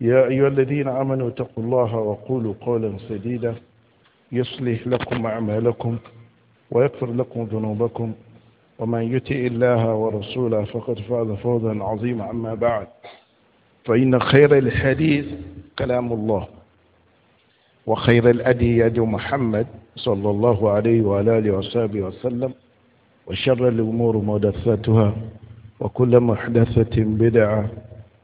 يا أيها الذين آمنوا اتقوا الله وقولوا قولا سديدا يصلح لكم أعمالكم ويغفر لكم ذنوبكم ومن يطع الله ورسوله فقد فاز فوزا عظيما أما بعد فإن خير الحديث كلام الله وخير الأدي يد محمد صلى الله عليه وعلى آله وصحبه وسلم وشر الأمور محدثاتها وكل محدثة بدعة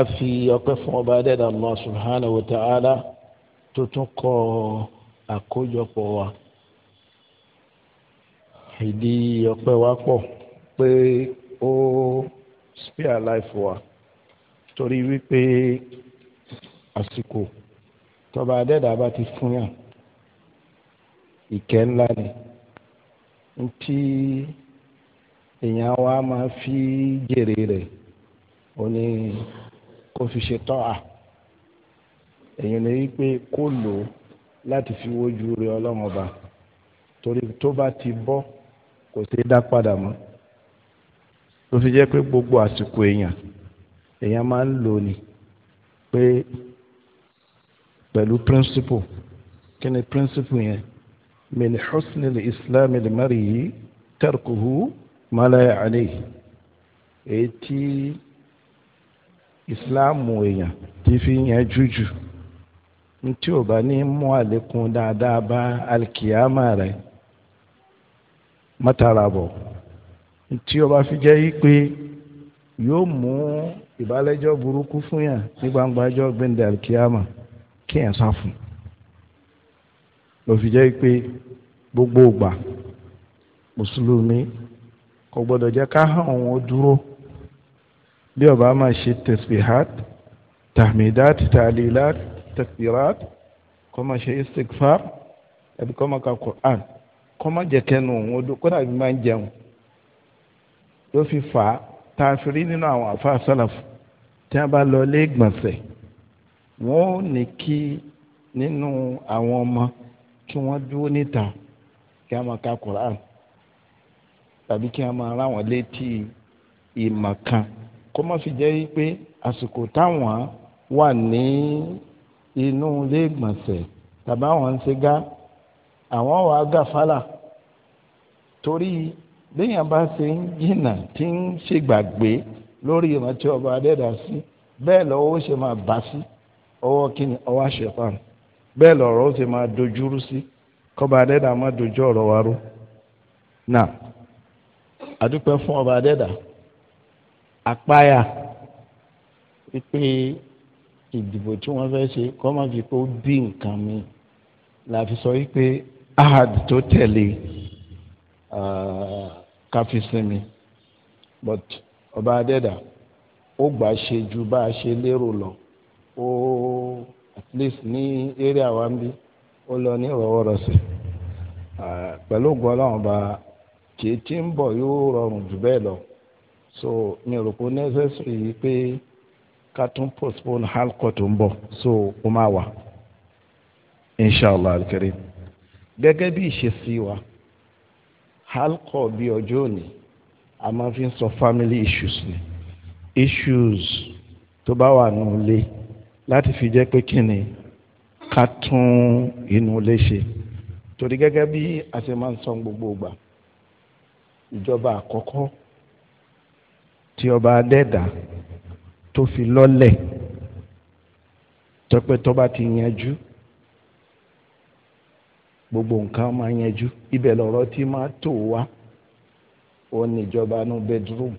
a fi ọpẹ́ fún ọba adẹ́dàá Allah subhanahu wa ta'ala tó tún kọ àkójọpọ̀ wa ìdí ọpẹ́ wa pọ̀ pé ó spare life wa torí wípé àsìkò tọba adẹ́dàá bá ti fún yàn ìkẹ́ ńlá ni ntí èèyàn wa máa fi jèrè rẹ̀ ó ní kó fi ṣe tọ́ à èyàn lè rí pé kó lò ó láti fi wojú rẹ ọlọ́run ọba torí tó bá ti bọ́ kò sí dá padà mọ́ ló fi jẹ́ pé gbogbo àsìkò èèyàn èèyàn máa ń lò ní pé pẹ̀lú principle kí ni principle yẹn min husni li islam li mari tarkuhu ma la èyí tí. islamu èèyàn ti fi yẹn juju ntí o bá ní mú àlékún dáadáa bá alikiyama rẹ mọ́tàràbọ̀ ntí o bá fi jẹ́ ikpe pé yóò mú ìbálẹ́jọ́ burúkú fún yàn ní gbangbajọ́ gbẹ̀ndẹ̀ alikiyama kí yẹn sá fún fi jẹ́ ikpe gbogbo ògbà mùsùlùmí kò gbọdọ jẹ́ ká hàn wọ́n dúró. bí ọba máa ṣe tẹsbihat tahmidat talilat tẹsirat kó máa ṣe istikfar ẹbí kó máa ka quran kó máa jẹ kẹnu òun odò kó dàbí máa ń jẹun ló fi fà á tààfin nínú àwọn àfa sálàfù tí wọn bá lọ lé gbọ̀nsẹ̀ wọn ò ní kí nínú àwọn ọmọ kí wọn dúró níta kí wọn máa ka quran tàbí kí wọn máa rán wọn létí ìmọ̀ kan kó má fi jẹ́ pé àsìkò táwọn wà ní inú ilé ìgbọ̀nsẹ̀ tàbá wọn ń ṣe gá àwọn wàá gà fálà torí béèyàn bá ṣe ń jìnnà tí ń ṣègbàgbé lórí ìrántí ọba adẹ́dà sí bẹ́ẹ̀ lọ́wọ́ ó ṣe máa bá sí ọwọ́ kíni ọwọ́ àṣepàn bẹ́ẹ̀ lọ́rọ̀ ó ṣe máa dojúrú sí kọba adẹ́dà má dojú ọ̀rọ̀ wa rú. náà àdúpẹ́ fún ọba adẹ́dà àpáyà wípé ìdìbò tí wọ́n fẹ́ ṣe kọ́ máa fi kó bí nǹkan mi la fi sọ wípé ahad tó tẹ̀lé káfí sinmi but ọba adẹ́dà ó gbà ṣe ju bá a ṣe lérò lọ ó at least ní area àwa ń bí ó lọ ní ìrọwọ́rọsẹ̀ pẹ̀lú ògùn ọlọ́run ọba kì í ti ń bọ̀ yóò rọrùn jù bẹ́ẹ̀ lọ so ní òròpó necessary yìí pé ká tún postpone halkọ tó ń bọ̀ so ó máa wà inshallah alkarim gẹ́gẹ́ bí ìṣesí wa halkọ bí ọjọ́ òní a máa fi ń sọ family issues ni issues tó bá wà nínú ilé láti fi jẹ́ pé kí ni ká tún inú ilé ṣe torí gẹ́gẹ́ bí a ṣe máa ń sọ gbogbo ìgbà ìjọba àkọ́kọ́ tí ọba adẹ́dà tó fi lọ́lẹ̀ tọ́pẹ́ tọ́ba ti yanjú gbogbo nǹkan máa yanjú ibẹ̀ lọ̀rọ̀ tí máa tó wá òun níjọba ní bedroom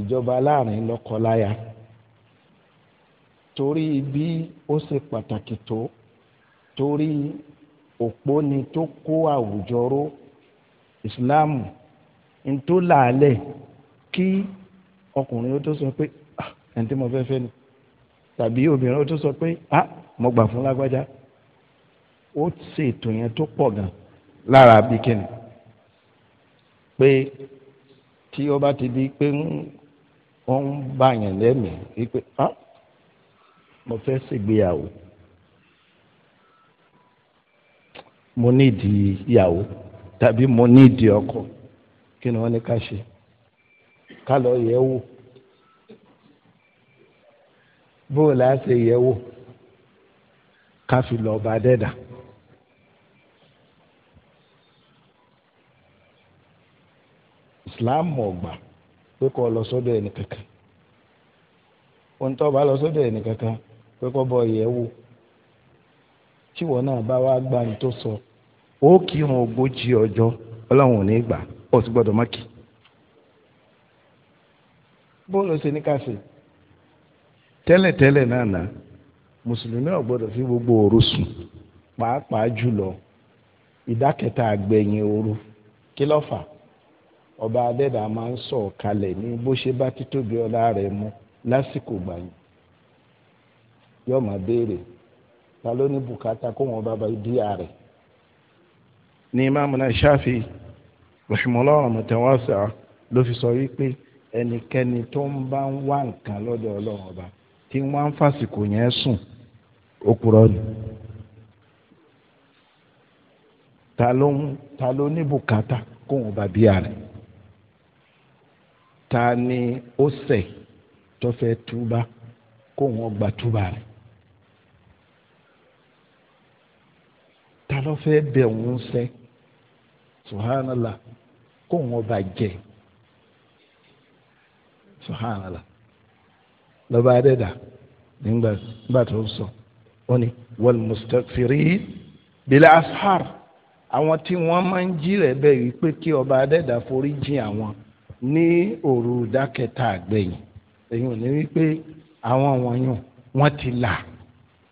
ìjọba láàrin lọ́kọláya torí bí ó ṣe pàtàkì tó torí òpó ni tó kó àwùjọ ró ìsìláàmù n tó làálẹ̀ kí ọkùnrin ó tó sọ pé ah, ẹni tí mo fẹ́ fẹ́ ni tàbí obìnrin ó tó sọ pé ah mo gbà fún lágbájá ó ṣètò yẹn tó pọ̀ gan lára bíi kíni pé tí ó bá ti di pé wọ́n ń bá lẹ́mìí wípé ah mo fẹ́ ṣègbéyàwó mo nídìí ìyàwó tàbí mo nídìí ọkọ kí ni wọ́n ní ká ṣe ká lọ yẹ̀ wò bóò la ṣe yẹ̀ ká fi lọ bá dẹ́dà. Islam ọgbà pé lọ sọ́dọ̀ ẹnì kankan tó bá lọ sọ́dọ̀ ẹnì kankan bọ náà bá wá gbà tó sọ ó kírun ogójì ọjọ́ Ọlọ́run ò ní gbà ó sì gbọ́dọ̀ mọ́kì bóòlù ṣe ní káṣí tẹ́lẹ̀tẹ́lẹ̀ náà náà mùsùlùmí ò gbọ́dọ̀ fi gbogbo òru sùn pàápàá jùlọ ìdákẹ́ta àgbẹ̀yìn òru kí ló fà ọba adẹ́dà máa ń sọ̀ kalẹ̀ ní bó ṣe bá títóbi ọlá rẹ̀ mu lásìkò gbàyìn yóò máa béèrè ta ló ní bùkátà kó wọn bá ba díà rẹ̀ ní imáàmù náà ṣáfì rahimahullah mọ̀tẹ́wọ́sà ló fi sọ wípé ẹnikẹ́ni tó ń bá ń wá nǹkan lọ́dọ̀ ọlọ́run ọba tí wọ́n ń fàsìkò yẹn sùn ó purọ́ ni. ta ló ń ta ló ní bùkátà kóun bá bíyà rẹ̀ ta ni ó ṣẹ̀ tó fẹ́ túbá kóun ọgbà túbá rẹ̀ ta ló fẹ́ bẹ̀ òun ṣẹ̀ subhanallah kó wọn bá jẹ subhanallah lọba adẹ́dà nígbà tó ń sọ wọn ni wal mustaghfirin bil ashar àwọn tí wọ́n máa ń jí rẹ̀ bẹ́ẹ̀ wípé kí ọba adẹ́dà forí jìn àwọn ní òru dákẹ́ta àgbẹ̀yìn èyí ò ní wípé àwọn wọ̀nyún wọ́n ti là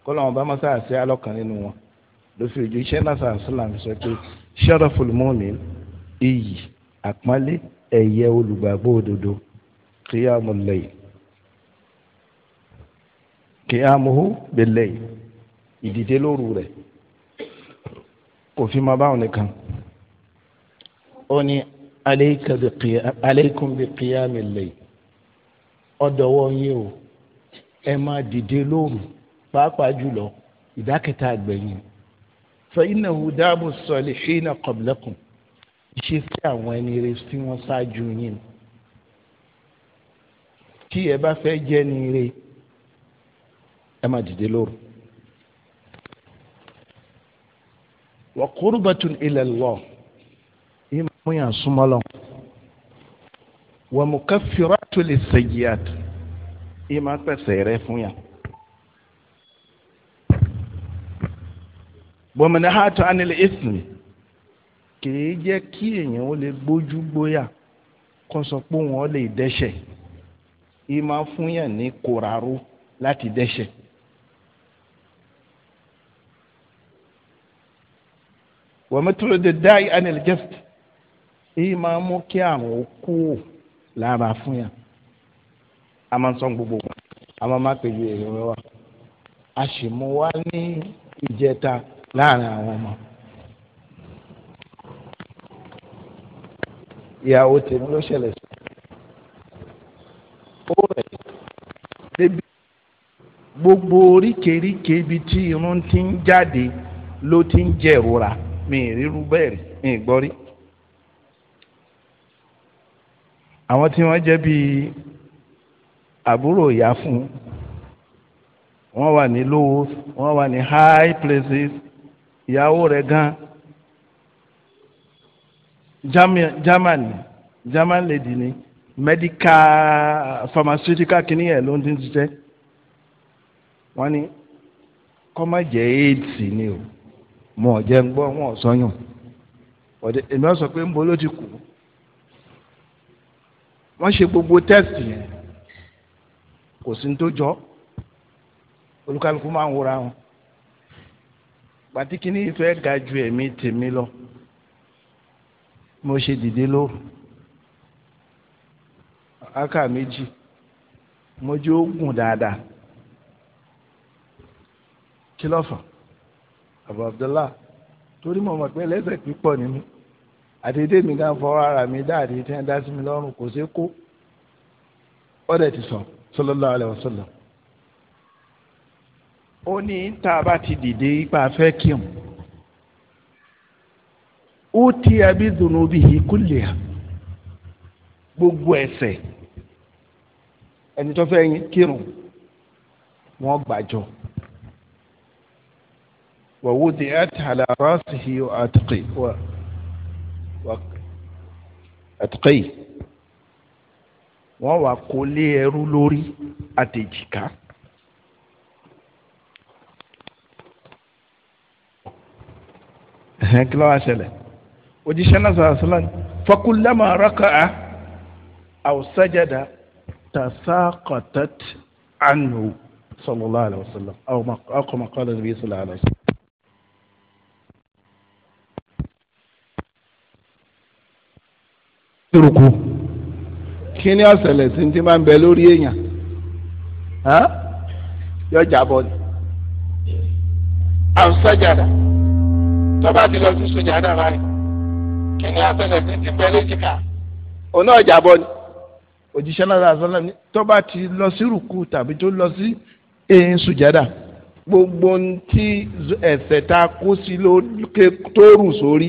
kọ́ làwọn bá mọ́sáàsì alọ́kàn nínú wọn lọ́sọ̀ọ́jọ́ iṣẹ́ náà sàásùlà ń sọ pé sharaful mu'min iyì àpọ́nlé ẹ̀yẹ olùgbàgbọ́ òdodo qiyamul layl qiyamuhu bil layl ìdìde lóru rẹ̀ kò fi máa báwọn nìkan ó ní aleikum bi qiyamil layl ọ̀dọ̀wọ́ yín o ẹ máa dìde lóru pàápàá jùlọ ìdákẹ́ta àgbẹ̀yìn فإنه داب الصالحين قبلكم ṣe sí àwọn ẹni rere tí wọ́n ṣáájú yín tí ẹ bá fẹ́ jẹ́ ni rere ẹ má dìde lóru. wa qurbatun ila Allah yín mú yàn súnmọ́ lọ. wa mukaffiratun lisayyi'at yín má pèsè rẹ fún yàn. bọ̀mọ̀nà hàtó anilẹ̀ ìsìn kìí jẹ́ kí èèyàn ó lè gbójú gbóyà kó sọ pé wọ́n lè dẹ́ṣẹ̀ yìí máa fún yàn ní kòràrú láti dẹ́ṣẹ̀. wàmẹ́túrò de dáì anil gẹ́st èyí máa mú kí àrùn kú lára fún yàn a máa ń sọ gbogbo wọn a máa má pèjú èrè wọn a sì mú wá ní ìjẹta láàrin àwọn ọmọ. ìyàwó tèmi ló ṣẹlẹ̀ sí ó rẹ̀ débi gbogbo oríkèéríkèé ibi tí irun ti ń jáde ló ti ń jẹ̀rora mi ìrírú bẹ́ẹ̀ rí mi ìgbọ́ rí. àwọn tí wọ́n jẹ́ bíi àbúrò ìyá fún wọ́n wà ní low wọ́n wà ní high places ìyàwó rẹ̀ gan german german lady ni medical pharmaceutical kìíní yẹn ló ń dín ṣiṣẹ́ wọ́n ní kọ́má aids ni o mọ jẹ́ ń gbọ́ wọn sọ́yàn ọ̀dẹ èmi sọ pé ń bo ló ti kù ṣe gbogbo test yẹn kò sí ní tó jọ olúkálukú máa ń wúra wọn pàtí kìíní ìfẹ́ ga ju ẹ̀mí tèmi lọ mo ṣe dìde lóru aka méjì mo jẹ́ oògùn dáadáa kí ló fà Abu Abdullah torí mo mọ̀ pé lẹ́sẹ̀ pípọ̀ ni mí mi gan fọwọ́ ara mi dáadé tí wọ́n dá sí mi lọ́rùn kò sí kó ọ̀dẹ̀ ti sọ sallallahu alaihi wasallam ó ní tá a bá ti dìde ipa fẹ́ kírun ó ti abí dùnúbì yìí kúlẹ̀ gbogbo ẹ̀ṣẹ̀ ẹni tó fẹ́ kírun wọ́n gbàjọ wàwú di àtàlà rásì yìí àtùkì àtùkì wọ́n wà kó ẹ̀hẹ́n kí ló wá ṣẹlẹ̀ òjíṣẹ́ náà sọ̀rọ̀ sọ́lá ni fakulama raka'a aw sajada tasaqatat anhu sallallahu alayhi wa sallam aw kama qala nabi sallallahu alayhi wa sallam. turuku kí ni ó ṣẹlẹ̀ sí ti máa ń bẹ lórí èèyàn yọjà bọ́ọ̀lù aw tọ́ba ti lọ sí sójà náà báyìí kíní àtẹlẹ fi ti bẹ léjìká. òun náà jà bọ́ ni. òjíṣẹ́ náà sọ́nà ni tọ́ba ti lọ sí rùkú tàbí tó lọ sí ẹ̀yìn sùjádà gbogbo ti ẹ̀sẹ̀ tá a kó sí lókè tó rù sórí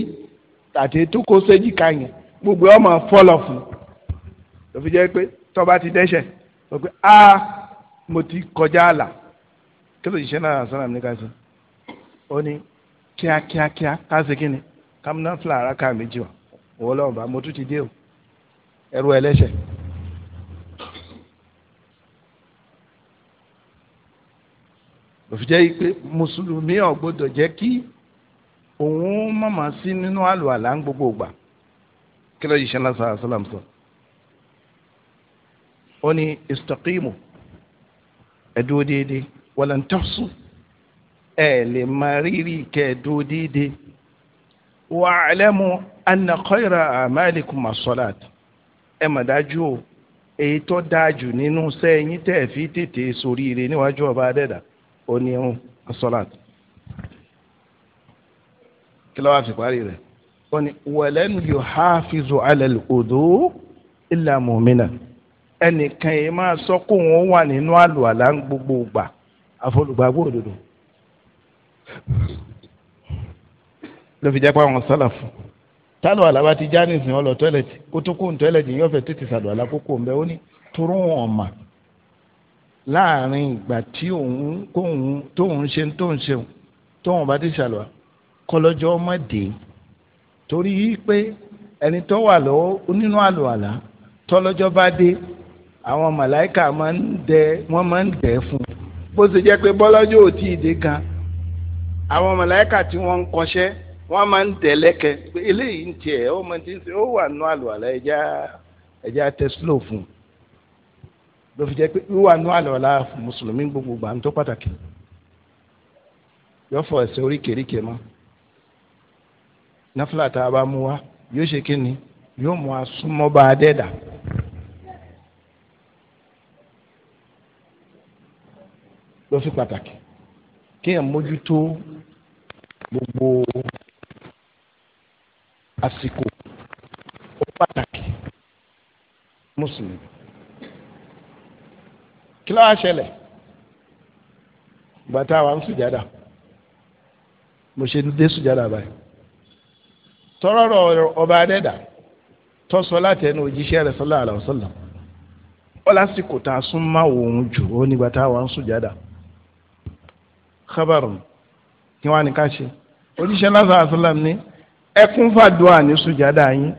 àti tó kó séjìká yẹn gbogbo ọmọ fọlọ fún ló fi jẹ́ pé tọ́ba ti dẹ́ṣẹ̀ sọ pé a mo ti kọjá àlà kí lóòjíṣẹ́ náà sọ́nà mi ní ká sọ. ó ní kíákíákíá ká ṣe kí ni kámúná fúlà araka méjì wa òwò lọ́wọ́ bá mo tún ti dé o ẹrú ẹlẹ́ṣẹ̀. òfìjẹ́ yìí pé mùsùlùmí ò gbọ́dọ̀ jẹ́ kí òun mọ̀mọ́ sí nínú àlùhàlà ń gbogbo ìgbà kí ló yìí ṣe lásán àṣàlám sọ. ó ní istaqimu ẹ̀dúró déédéé walan tahsu ẹ lè mọ rírì kẹẹ̀dó déédéé wà á lẹ́mu anna khayra amalikum masolat ẹ mọ̀ dájú o èyí tó dáa jù nínú sẹ́yìn tẹ̀ fi tètè soríire níwájú ọba adẹ́dà oníhun masolat kí ló wá fi parí rẹ̀ ó ní walan yuhafizu ala al-wudu illa mu'mina ẹnìkan yìí máa sọ kóun wà nínú àlùalá gbogbo gbà àfọlùgbàgbọ́ òdodo ló fi jẹ́ pé àwọn sálàfù tálù àlàbà ti já nìsín ọlọ tọ́lẹ̀tì kó tó kó tọ́lẹ̀tì yóò fẹ́ tètè sàlù àlàkókò ńbẹ ó ní toró wọn mà láàrin ìgbà tí òun kóun tóun ṣe tóun ṣeun tóun bá ti sàlù kọlọ́jọ́ ọmọdé torí pé ẹni tó wà lọ́wọ́ nínú àlùwàlà tọ́lọ́jọ́ bá dé àwọn màláìkà máa ń dẹ wọ́n máa ń dẹ fún un bó ṣe jẹ́ pé bọ́lọ́jọ́ ò tí dé kan àwọn mọ̀láyíkà tí wọ́n ń kọ́ṣẹ́ wọ́n máa ń tẹ̀lẹ́kẹ̀ eléyìí ń tiẹ̀ ó máa ti ń sè ó wà nù àlùwàlá ẹja ẹja tẹ́sílò fún un ló fi jẹ́ pé wíwà nù àlùwàlá mùsùlùmí gbogbo gbà ń tó pàtàkì yóò fọ ẹsẹ̀ oríkèéríkèé mọ́ náfìlà tá a bá mú wa yóò ṣe kí ni yóò mú a súnmọ́ bá a dẹ́dà. ló fi pàtàkì kéèyàn mójútó gbogbo àsìkò ó pàtàkì mùsùlùmí kí ló wá ṣẹlẹ̀ gbàtà wa ń sùjádà mo ṣe dé sùjádà báyìí tọrọrọ ọba adẹ́dà tọ́sọ láti ẹnu òjíṣẹ́ rẹ̀ sallallahu alaihi wasallam ó lásìkò tá a sún máa wò ó jù ó nígbà tá a wà ń sùjádà kábàrùn kí wọ́n ní ká ṣe òjíṣẹ́ lásán àṣàlám ní ẹkún fàdúrà ní sùjádà yín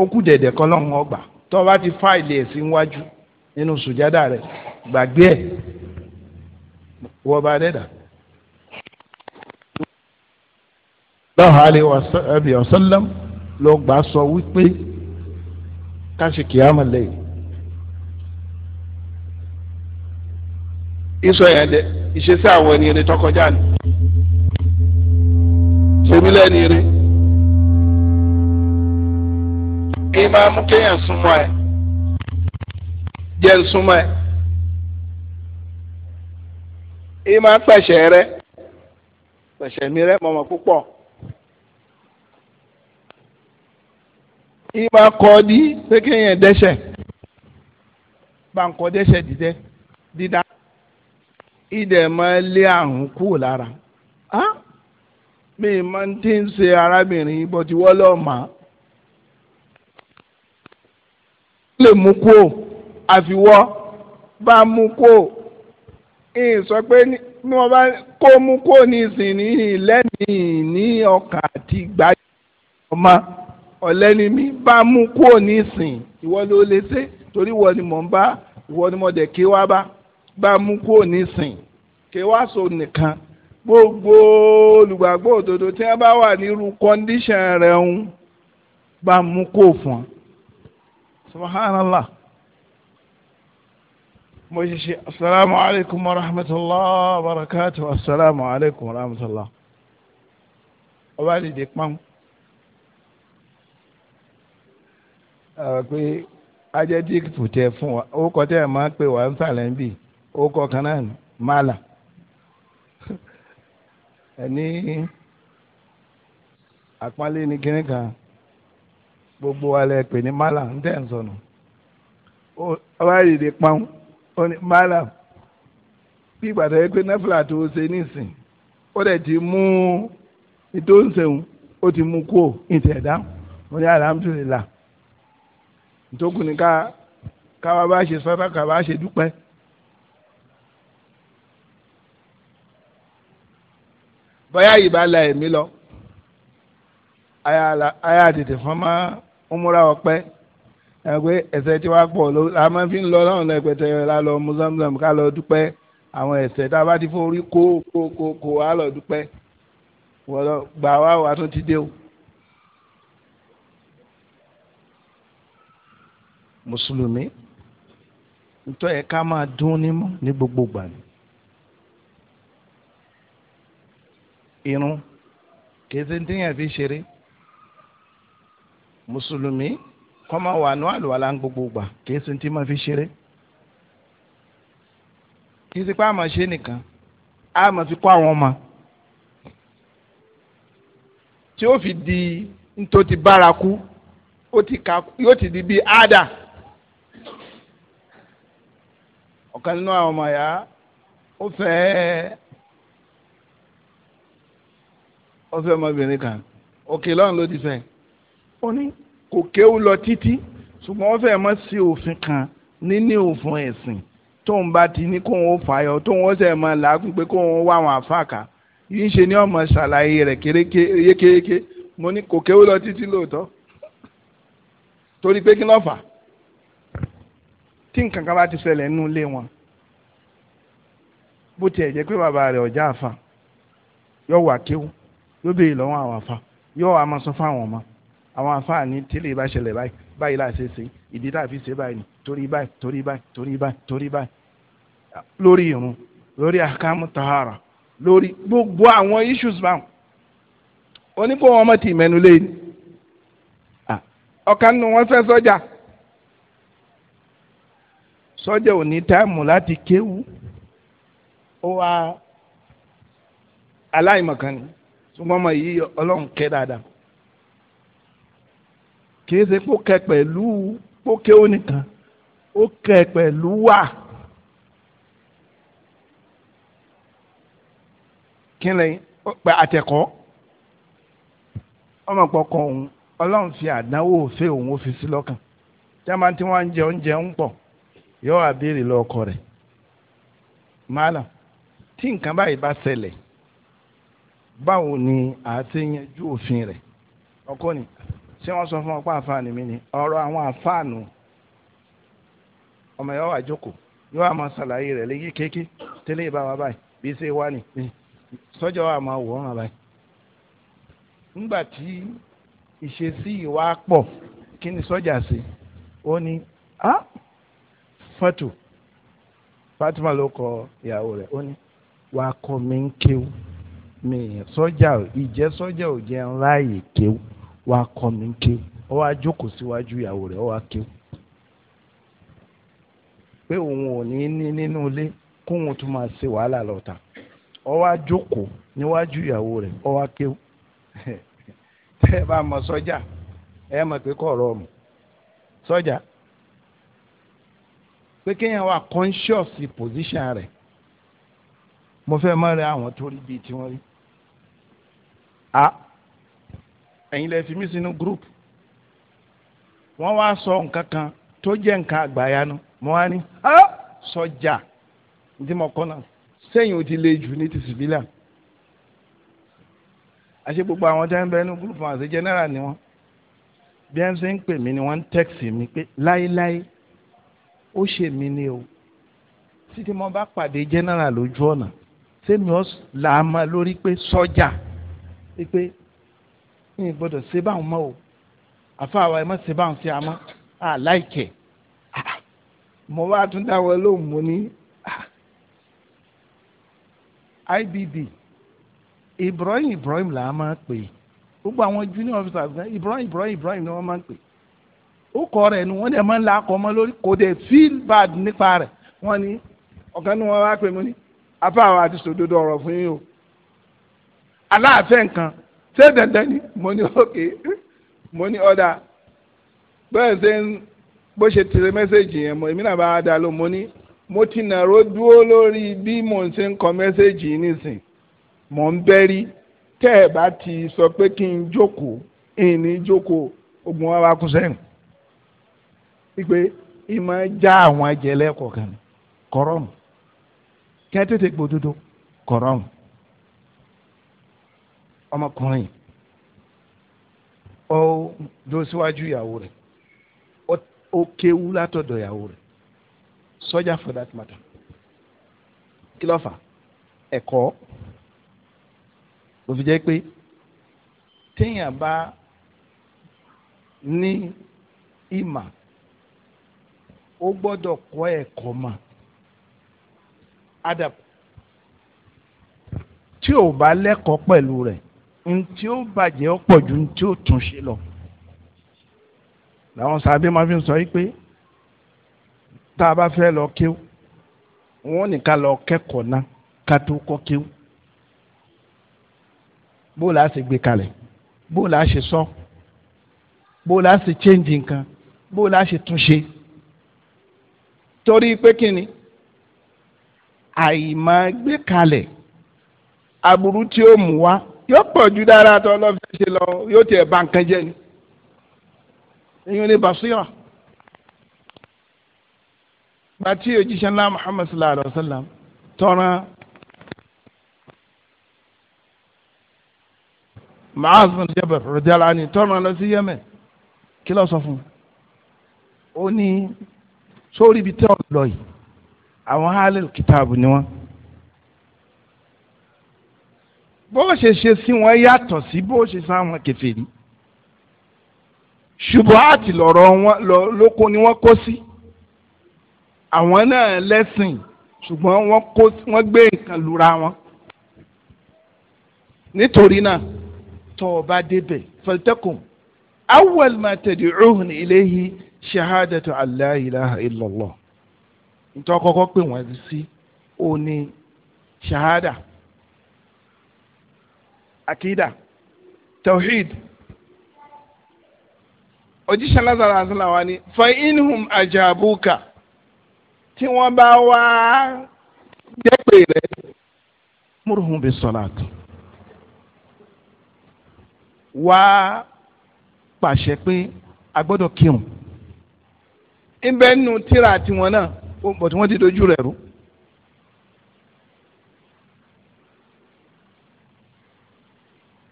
ó kù dẹ̀dẹ̀ kọ́ lọ́hùn ọgbà tó bá ti fáìlì ẹ̀ sí wájú nínú sùjádà rẹ̀ gbàgbé ẹ̀ wọ́n bá dẹ́dà. lọ́hùn alẹ́ ọ̀sánlám ló gbà sọ wípé káṣíkì àmàlẹ́yìn. ìsọ ìṣesí àwọn ẹni ẹni tọkọjá ni sèmi lẹ́ni rí ìmáàmù kéèyàn súnmọ́ ẹ jẹ́ súnmọ́ ẹ ìmáà pẹ̀sẹ̀ rẹ pẹ̀sẹ̀ mi rẹ mọ̀mọ́ púpọ̀ ìmáà kọ́ di pé kéèyàn dẹ́sẹ̀ báńkọ́ dẹ́sẹ̀ dídẹ́ dídá ìdẹ̀ máa lé àrùn kúrò lára. Huh? mi máa ń tí ń ṣe arábìnrin bọ́tí wọ́n lọ́ọ́ mà á. lè mú kó àfiwọ́ bá mú kó ìyìn sọ pé ní wọ́n bá kó mú kó ní ìsìnyìí lẹ́nìí ní ọkàn àti gbájú ọmọ ọ̀lẹ́ni mi bá mú kó ní ìsìn ìwọ ló lè ṣe torí ìwọ ni mò ń bá ìwọ ni mo dẹ̀ ké wá bá bá mú kó ní ìsìn ké wá so nìkan gbogbo olùgbàgbọ́ òdodo tí wọ́n bá wà nírú kọ́ndíṣàn rẹ̀ ń bá mú kó fún wọn. mo ṣe ṣe asalaamu alaykum wa rahmatulah wa barakatu asalaamu alaykum wa rahmatulah ọba dìde pam pé ajẹ́ dìkì fòtẹ́ fún wa ó kọ́ tẹ́ ẹ̀ máa ń pè wá ń sàlẹ̀ ń bì ó kọ́ kan náà mala ẹni àpọ́nlé ní kíní kan gbogbo alẹ́ pè ní mala ń tẹ̀ ń sọnù ọba yìí pọ́n ó ní mala bí ìgbà tó yẹ pé nẹ́fìlà tó ṣe nísìn ó dẹ̀ ti mú ìtòǹsẹ̀hún ó ti mú kó ìtẹ̀dá mo ní alhamdulillah ntòkùnrin ká káwa bá ṣe sọ́dọ̀ ká bá ṣe dúpẹ́. bóyá ìbá la èmi lọ aya tètè fún ma umura ọpẹ ẹgbẹ ẹsẹ tí wàá pọ ló la máa fi ń lọ lọrùn lẹgbẹtẹ la lọ mu zamzam ká lọ dúpẹ́ àwọn ẹsẹ tá a bá ti forí kó kó kó kó wàá lọ dúpẹ́ wọlọ gbà wá wàá tún ti dé o. mùsùlùmí ntọ́ yẹ ká máa dún ní ní gbogbo gbà irun kèsì tíyàn fi ṣeré mùsùlùmí kọ́mọ wà nù àlùwàlà gbogbo gbà kèsì tí ma fi ṣeré kèsì pa àmọ̀ ṣe nìkan àmọ̀ fi kọ́ àwọn ọmọ tí ó fi di ntó ti bárakú yóò ti di bíi ádà ọ̀kan nínú àwọn ọmọ yà ó fẹ́ẹ́ ó fẹ́ ọmọbìnrin kan òkè lọ́run ló ti fẹ́ ó ní kò kéwú lọ títí ṣùgbọ́n ó fẹ́ mọ́ sí òfin kan níní òfin ẹ̀sìn tóun bá ti ní kóun ó fàyọ tóun ó sẹ̀ mọ́ làákùn pé kóun ó wá àwọn àfa kà yìí ń ṣe ní ọmọ ṣàlàyé rẹ̀ kérékéréké mo ní kò kéwú lọ títí lóòótọ́ torí pé kí ló fà tí nǹkan kan bá ti ṣẹlẹ̀ nínú ilé wọn bó tiẹ̀ jẹ́ pé bàbá rẹ̀ ọ̀já àfa yọ wà kéwú yóò béèrè lọ́wọ́ àwọn afa yóò wá máa sọ fún àwọn ọmọ àwọn afa ní tẹ́lẹ̀ bá ṣẹlẹ̀ báyìí báyìí láti ṣe ìdí tá a fi ṣe báyìí torí báyìí torí báyìí torí báyìí torí báyìí lórí irun lórí àkàmù tahara lórí gbogbo àwọn issues báwọn oníkó wọn mọ ti mẹnu lé ní ọkàn nù wọn fẹ́ sọ́jà sọ́jà ò ní táìmù láti kéwu ó wá aláìmọ̀kan ṣùgbọ́n ọmọ yìí ọlọ́run kẹ́ dáadáa kì í ṣe pé ó pẹ̀lú oníkan ó kẹ́ pẹ̀lú wà. kí ni pẹ àtẹ̀kọ́ ọmọ pọkàn òun ọlọ́run fi àdánwò òfé òun ó fi sí lọ́kàn tí máa ti wọ́n jẹ oúnjẹ ń pọ̀ yóò báwo ni a ti yanjú òfin rẹ̀ ọkọ ni ṣé wọ́n sọ fún ọ pé àfààní mi ni ọ̀rọ̀ àwọn àfààní ọmọ yẹn wà jókòó yóò wá máa ṣàlàyé rẹ̀ kéèké tẹ́lẹ̀ bá wa báyìí bí ṣe wá ni sọ́jà wa máa wọ̀ ọ́n báyìí. nígbà tí ìṣesí ìwà pọ̀ kí ni sọ́jà sí ó ní fatu Fatima ló kọ ìyàwó rẹ̀ ó ní wàá kọ́ mi ń kéwù. mi sọ́jà ìjẹ́ sọ́jà ò jẹ́ ńláyè kéwù wàá kọ́ mi kéwù ó wá jókòó síwájú ìyàwó rẹ ọ wá kéwù pé òun ò ní ní nínú ilé kóun tún máa ṣe wàhálà lọ́ta ó wá jókòó níwájú ìyàwó rẹ ọ wá kéwù tẹ́ ẹ bá mọ sọ́jà ẹ mọ̀ pé kọ̀ rọrùn sọ́jà pé kéèyàn wà conscious position rẹ̀ mo fẹ́ mọ́ rẹ àwọn tó rí bíi tiwọn rí a ẹ̀yin lè fi mí sínú group wọ́n wá sọ nǹkan kan tó jẹ́ nǹkan àgbàyanu mo wá ní sọjà ní mo kọ́ náà sẹ́yìn ò ti le jù ní ti sìbílà àṣẹ gbogbo àwọn tẹ́ ń bẹ nínú group àti general ni wọ́n bí wọ́n ṣe ń pè mí ni wọ́n ń tẹ́ksì mi pé láéláé ó ṣe mí ni o títí mo bá pàdé general lójú ọ̀nà sẹ́mi ọ́ là á máa lórí pé sọ́jà pé ní gbọ́dọ̀ ṣe báwọn mọ́ o àfàwà ẹ̀ mọ́ ṣe báwọn ṣe àmọ́ àláìkẹ́ ah, mo wá tún dáwọ́ lóhùn mo ní ah. IBB Ibrahim Ibrahim là á máa pè gbogbo àwọn junior officers náà Ibrahim Ibrahim Ibrahim ni wọ́n máa ń pè ó kọ rẹ̀ ni wọ́n dẹ̀ máa ń la akọ ọmọ lórí kò dẹ̀ feel bad nípa rẹ̀ wọ́n ní ọ̀gá ni wọ́n wá pè mo ní afẹ́ àwọn àti sòdodo ọ̀rọ̀ fún yín o aláàfẹ́ nǹkan ṣé dandan ni mo ní òkè mo ní ọ̀dà bẹ́ẹ̀ ṣe ń bó ṣe tẹ̀lé mẹ́sẹ̀gì yẹn mo èmi náà bá dá ló mo ní mo ti nàró dúró lórí bí mo ṣe ń kọ mẹ́sẹ̀gì yìí nìsín mo ń bẹ́rí tẹ́ ẹ̀ bá ti sọ pé kí n jókòó ìní jókòó ogun wa wá kú sẹ́yìn ìpè ìmọ̀ já àwọn jẹlẹ́ kọ̀ọ̀kan kọ́rọ́nù kẹ́ ẹ tètè gbòdodo kọ̀rọ̀n ọmọkùnrin ó dó síwájú ìyàwó rẹ̀ ó kéwú látọ̀dọ̀ ìyàwó rẹ̀ sọ́jà for that matter kí fà ẹ̀kọ́ òfin jẹ́ pé téèyàn bá ní ìmà ó gbọ́dọ̀ kọ́ ẹ̀kọ́ adab tí ò bá lẹ́kọ̀ọ́ pẹ̀lú rẹ̀ ní tí ó bàjẹ́ ó pọ̀ ju ní tí ó tún ṣe lọ. làwọn sábẹ́ máa fi sọ yìí pé tá a bá fẹ́ lọ kéw wọ́n ní ká lọ kẹ́kọ̀ọ́ ná ká tó kọ́ kéw. bó la ṣe gbé kalẹ̀ bó la ṣe sọ bó la ṣe change nǹkan bó la ṣe túnṣe torí pé kí ni àìmọ̀ gbé kalẹ̀ aburú tí ó mú wa yóò pọ̀ ju dára tó ọlọ́fẹ́ ṣe lọ yóò tiẹ̀ ba nǹkan jẹ́ ni èyí ni basira bàtí òjíṣẹ́ ńlá muhammad sallallahu alayhi wa sallam tọ́ran Mu'adh bin Jabal radiyallahu anhu tọ́ran lọ sí yemen kí ló sọ fún un ó ní sórí ibi tẹ́ ọ lọ yìí àwọn halil kitaabu ni wọn. bó ṣe ṣe sí wọn yàtọ̀ sí bó ṣe sáwọn kèfèrí ṣubuhati lọ̀rọ̀ wọn lóko ni wọ́n kó sí àwọn náà lẹ́sìn ṣùgbọ́n wọ́n kó wọ́n gbé nǹkan lura wọn nítorí náà tọ́ ọ bá débẹ̀ faltakum awwal ma tad'uhum ilayhi shahadatu an ilaha illallah nítorí kọ́kọ́ pè wọ́n sí ó ní shahada akida tawhid òjíṣẹ́ lásàrà àṣàlà wa ni fa inhum ajabuka tí wọ́n bá wá dẹ́pẹ̀ rẹ̀ múrùhún bí sọ́láàtì wá pàṣẹ pé a gbọ́dọ̀ kírun ìbẹ́nu tíra tiwọn náà bọ̀ tí wọ́n ti dojú rẹ̀ rú.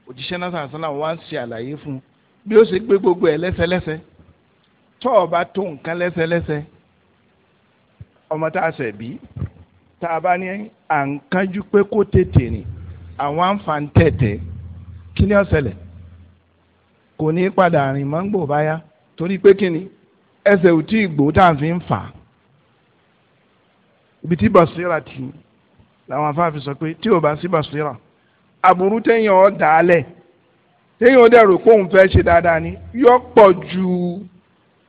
òjíṣẹ́ náà sàn sánà wá ń ṣe àlàyé fún un bí ó ṣe gbé gbogbo ẹ̀ lẹ́sẹlẹ́sẹ tó o bá tó nǹkan lẹ́sẹlẹ́sẹ ọmọ tá a ṣẹ̀ bí tá a bá ní à ń kánjú pé kó tètè rìn àwọn àǹfààní tẹ̀tẹ̀ kí ni ó ṣẹlẹ̀ kò ní padà rìn mọ́ ń gbò báyà torí pé kí ni ẹsẹ̀ ò tí ì gbò tá a fi ń fà á ibi tí basira ti làwọn afáàfin sọ pé tí o bá sí basira aburú téèyàn ọ̀ dàálẹ̀ téèyàn ọ̀ dẹ̀rù kó òun fẹ́ ṣe dáadáa ni yọ pọ̀ ju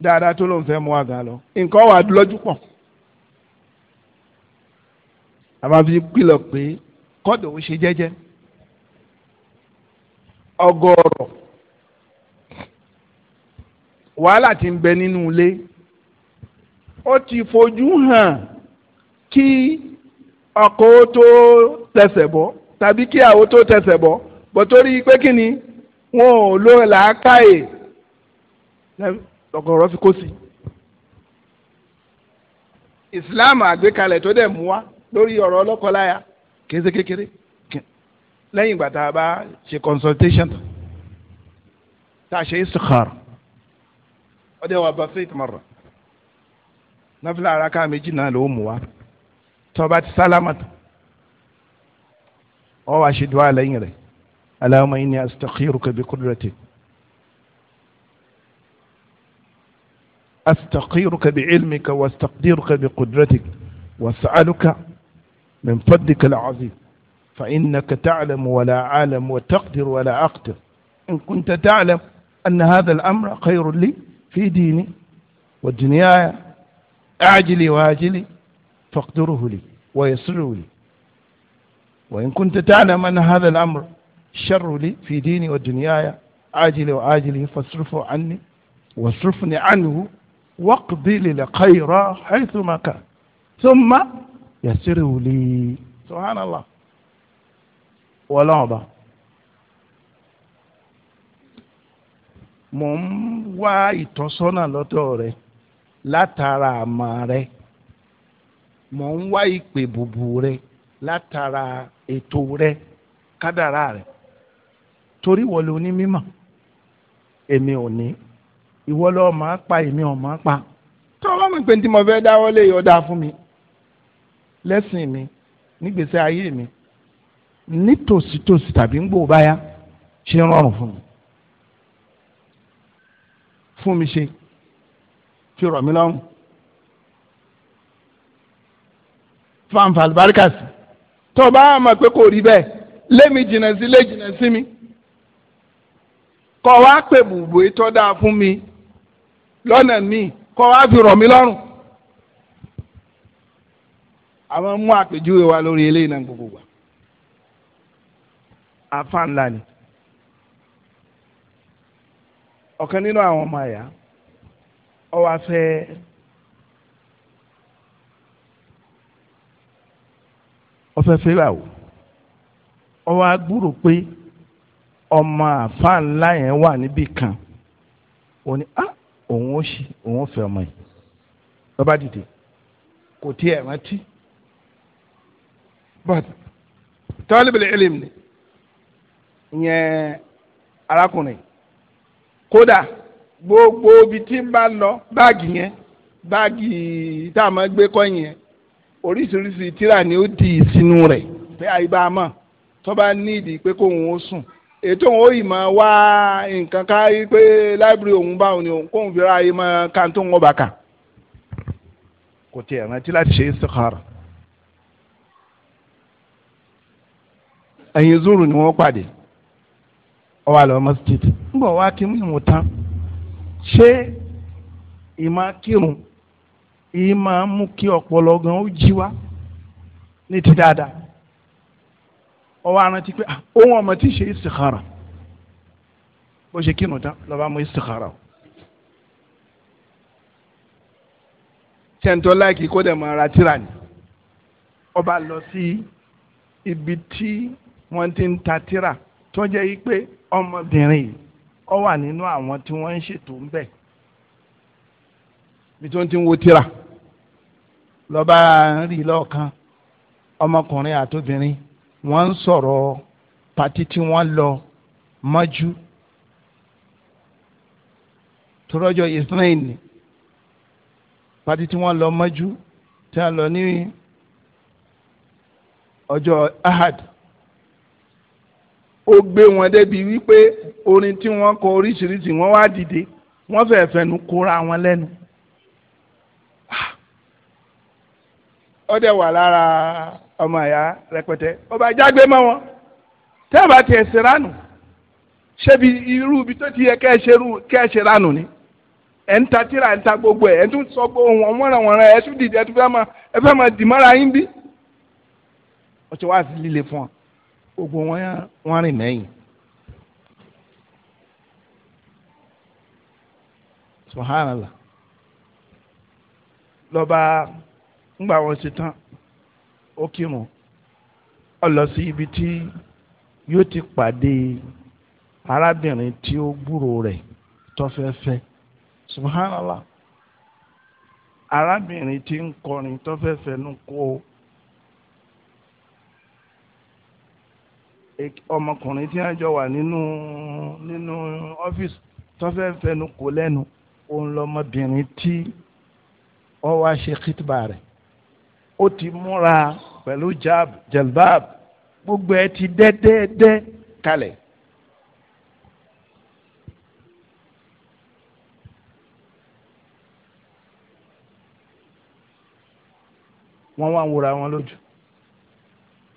dáadáa tó lóun fẹ́ mú àga lọ nǹkan wà lọ́jú pọ̀ àbáfi kìlọ̀ pé kọ́dọ̀ ó ṣe jẹ́jẹ́ ọgọ́rọ̀ wàhálà ti ń bẹ nínú ilé ó ti fojú hàn kí ọkọ tó tẹsẹ̀ bọ̀ tàbí kí àwo tó tẹsẹ̀ bọ̀ bọ̀ torí pé kí ni wọn ò lo làákàyè ọ̀gọ̀rọ̀ fi kó sí. ìsìláàmù àgbékalẹ̀ tó dẹ̀ mú wa lórí ọ̀rọ̀ ọlọ́kọláya kéze kékeré lẹ́yìn ìgbà tá a bá ṣe consultation tá a ṣe istikhara ọdẹ wa bá faith mara náfìlà ara ká méjì náà ló mú wa. توبات سلامت او اشد ولا ينري اللهم اني استخيرك بقدرتك استخيرك بعلمك واستقدرك بقدرتك واسالك من فضلك العظيم فانك تعلم ولا اعلم وتقدر ولا اقدر ان كنت تعلم ان هذا الامر خير لي في ديني ودنياي اعجلي واجلي فاقدره لي ويسره لي وإن كنت تعلم أن هذا الأمر شر لي في ديني ودنياي عاجلي وآجلي فاصرفه عني واصرفني عنه واقضي لي الخير حيثما كان ثم يسره لي سبحان الله ọlọ́run ọba mo ń wá ìtọ́sọ́nà lọ́dọ̀ rẹ látara àmà rẹ mọ̀ ń wá ìpè bùbù rẹ látara ètò rẹ kádàrá rẹ torí wọlé ló èmi ò ní ìwọ lọ́ọ́ pa èmi ò máa pa tó o bá mi pè ní tí mo fẹ́ dáwọ́ lé yọ̀ dáa fún mi lẹ́sìn mi nígbèsè ayé mi fanfa àlùbáríkà sí tó o bá mọ̀ pé kò rí jìnnà sí lé jìnnà sí mi kọ́ wa pè bùbù tó dáa fún mi lọ́nà míì kọ́ wa fi rọ̀ mí lọ́rùn àwọn mú àpèjúwe wa lórí eléyìí náà gbogbo wa àfa ńlá ni ọ̀kan nínú àwọn ọmọ àyà ọ wá fẹ́ẹ́. ọfẹ́ fẹ́ wà o ọwọ́ agbúrò pé ọmọ àfa ńlá yẹn wà níbì kan òun ni ah òun ó ṣe òun ó fẹ́ ọmọ yìí lọ́ba dìde kò tí ẹ̀ rántí but talib al ni ìyẹn arákùnrin kódà gbogbo ibi tí ń bá lọ báàgì yẹn báàgì tá a máa gbé kọ́ yẹn oríṣiríṣi tíra ni ó di ìsinú rẹ̀ pé àyíbá a mọ̀ tó bá nídìí pé kóun ó sùn ètò òun ó yìí máa wá nǹkan ká pé láìbírì òun ni òun kóun fi ráàyè máa ká tó ń wọ́n kà kò tiẹ̀ rántí láti ṣe ẹ̀yin zuru ni wọ́n pàdé ó wá lọ ń bọ̀ wá èyí máa ń mú kí ọpọlọ gan ó jí wá ní ti dáadáa ọwọ́ arántí pé ah, ohun ọmọ tí ì ṣe istikhara bó ṣe kírun tán lọ́ba mú istikhara o. tẹ̀ǹtọ́ láìkí kó dẹ̀ mọ ara tíra ni ọba lọ sí ibi tí wọ́n ti ń ta tíra tó jẹ́ yí pé ọmọbìnrin yìí ọ wà nínú àwọn tí wọ́n ń ṣètò ń bẹ̀ bí tó ń ti ń wo tíra lọ́ba rí lọ́ọ̀kan ọmọkùnrin àtòbìnrin wọ́n ń sọ̀rọ̀ pati tí wọ́n lọ mọ́jú torọ́jọ́ Israel ni pati tí wọ́n lọ mọ́jú tí wọ́n lọ ní ọjọ́ Ahad ó gbé wọn débi wípé orin tí wọ́n kọ oríṣiríṣi wọ́n wá dìde wọ́n fẹ́ẹ́ fẹnu kóra wọn lẹ́nu. Ọ dẹ̀ wà lára ọmọ ẹ̀yà rẹpẹtẹ ọba jágbe wọn tẹ́ ẹ bá ṣe ránù irú ibi tó ti yẹ ṣe ránù ni tíra gbogbo ẹ ẹ tún sọ pé wọ́n wọ́nranwọ̀nran ẹ̀ tún dìde tún fẹ́ máa fẹ́ máa dì mọ́ra yín bí líle fún ọ ńgbà wọn si tán ó kírun ó lọ sí ibi tí yóò ti pàdé arábìnrin tí ó gbúrò rẹ̀ tọ́fẹ́fẹ́ subhanallah arábìnrin tí ń kọrin tọ́fẹ́fẹ́ nu kó ọmọkùnrin tí wọ́n jọ wà nínú nínú ọ́fíìsì tọ́fẹ́fẹ́ nu kó lẹ́nu òun lọmọbìnrin tí ó wá kìtìbà rẹ̀. ó ti múra pẹ̀lú jab jelbab gbogbo ẹ ti dẹ́dẹ́dẹ́ kalẹ̀. wọ́n wá ń wòra wọn lójú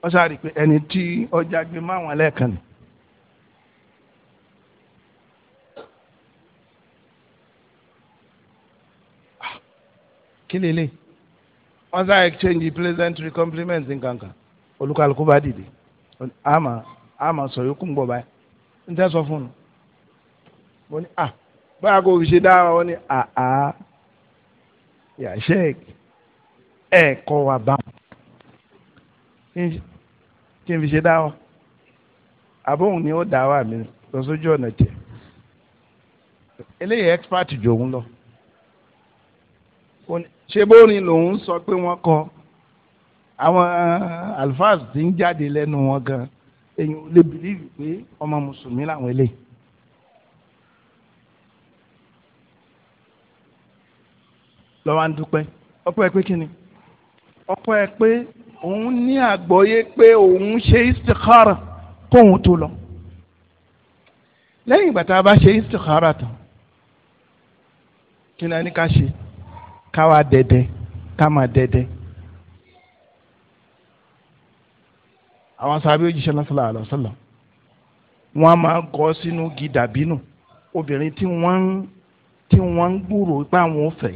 wọ́n sáré pé ẹni tí ọjà gbé máwọn lẹ́ẹ̀kan ni. Ah, kí lélẹ́yìí wọ́n sá exchange pleasantry compliments nkankan olùkàlùkù bá dìde àmà àmà sọ yòókù ń bọ̀ báyìí ń tẹ́ sọ fún un mo ní ah báyà kò ṣe dáhà wọ́n ní àá yà ṣe ẹ̀ kọ́ wa bá kí n fi ṣe dáhà àbóhùn ni ó dá wà mí lọ sójú ọ̀nà tiẹ̀ eléyìí expert jòun lọ ṣe bórin lòun sọ pé wọ́n kọ àwọn alfaas eh, ti ń jáde lẹ́nu wọn gan èyàn lè bìlíìfì pé ọmọ mùsùlùmí làwọn eléyìí. lọ́wọ́ à ń dúpẹ́ ọpẹ́ ẹ pé kí ni ọpẹ́ ẹ pé òun ní àgbọ́yé pé òun ṣe istikhara kóun tó lọ lẹ́yìn ìgbà tá a bá ṣe istikhara tán kí ni a ní ká ṣe káwa dẹdẹ káma dẹdẹ. àwọn sábẹ́ òjíṣẹ́ lásìlá àlọ́sọ́lá wọ́n máa gọ́ sínú gidàbínú obìnrin tí wọ́n ń tí wọ́n ń gbúrò pé àwọn ò fẹ́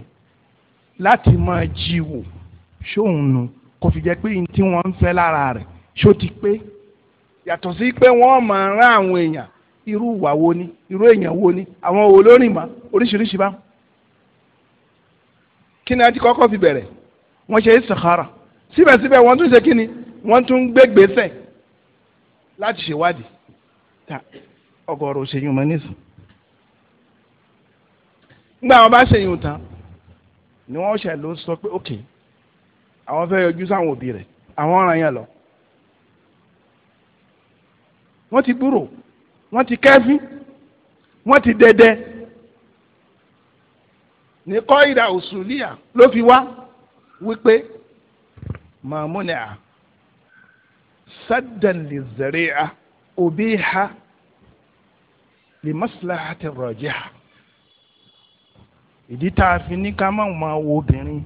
láti máa jí wò ṣóun nu kò fi jẹ́ pé ní tí wọ́n ń fẹ́ lára rẹ̀ ṣó ti pé yàtọ̀ sí pé wọ́n máa rán àwọn èèyàn irú ìwà wo ni irú èèyàn wo ni àwọn olórin mọ́ oríṣiríṣi báwọn kí ni a ti kọ́kọ́ fi bẹ̀rẹ̀ wọ́n ṣe istikhara síbẹ̀síbẹ̀ wọ́n tún ṣe kí ni tún gbé gbèsè láti ṣèwádìí ta ọgọ́rùn ṣèyún mọ́ nísìn. nígbà wọn bá ṣèyún tán ni wọ́n ṣẹ̀ ló sọ pé ok àwọn fẹ́ yọjú sáwọn òbí rẹ̀ àwọn ọ̀ràn yẹn lọ. wọ́n ti gbúrò wọ́n ti kẹ́fín wọ́n ti dẹdẹ ní kọ́ìdà òṣùlíà ló fi wá wípé màmúnìà saddan lè zẹ̀rẹ̀ a òbí ha lè maslahati rajiha ìdí tá a fi ní ká má máa wo obìnrin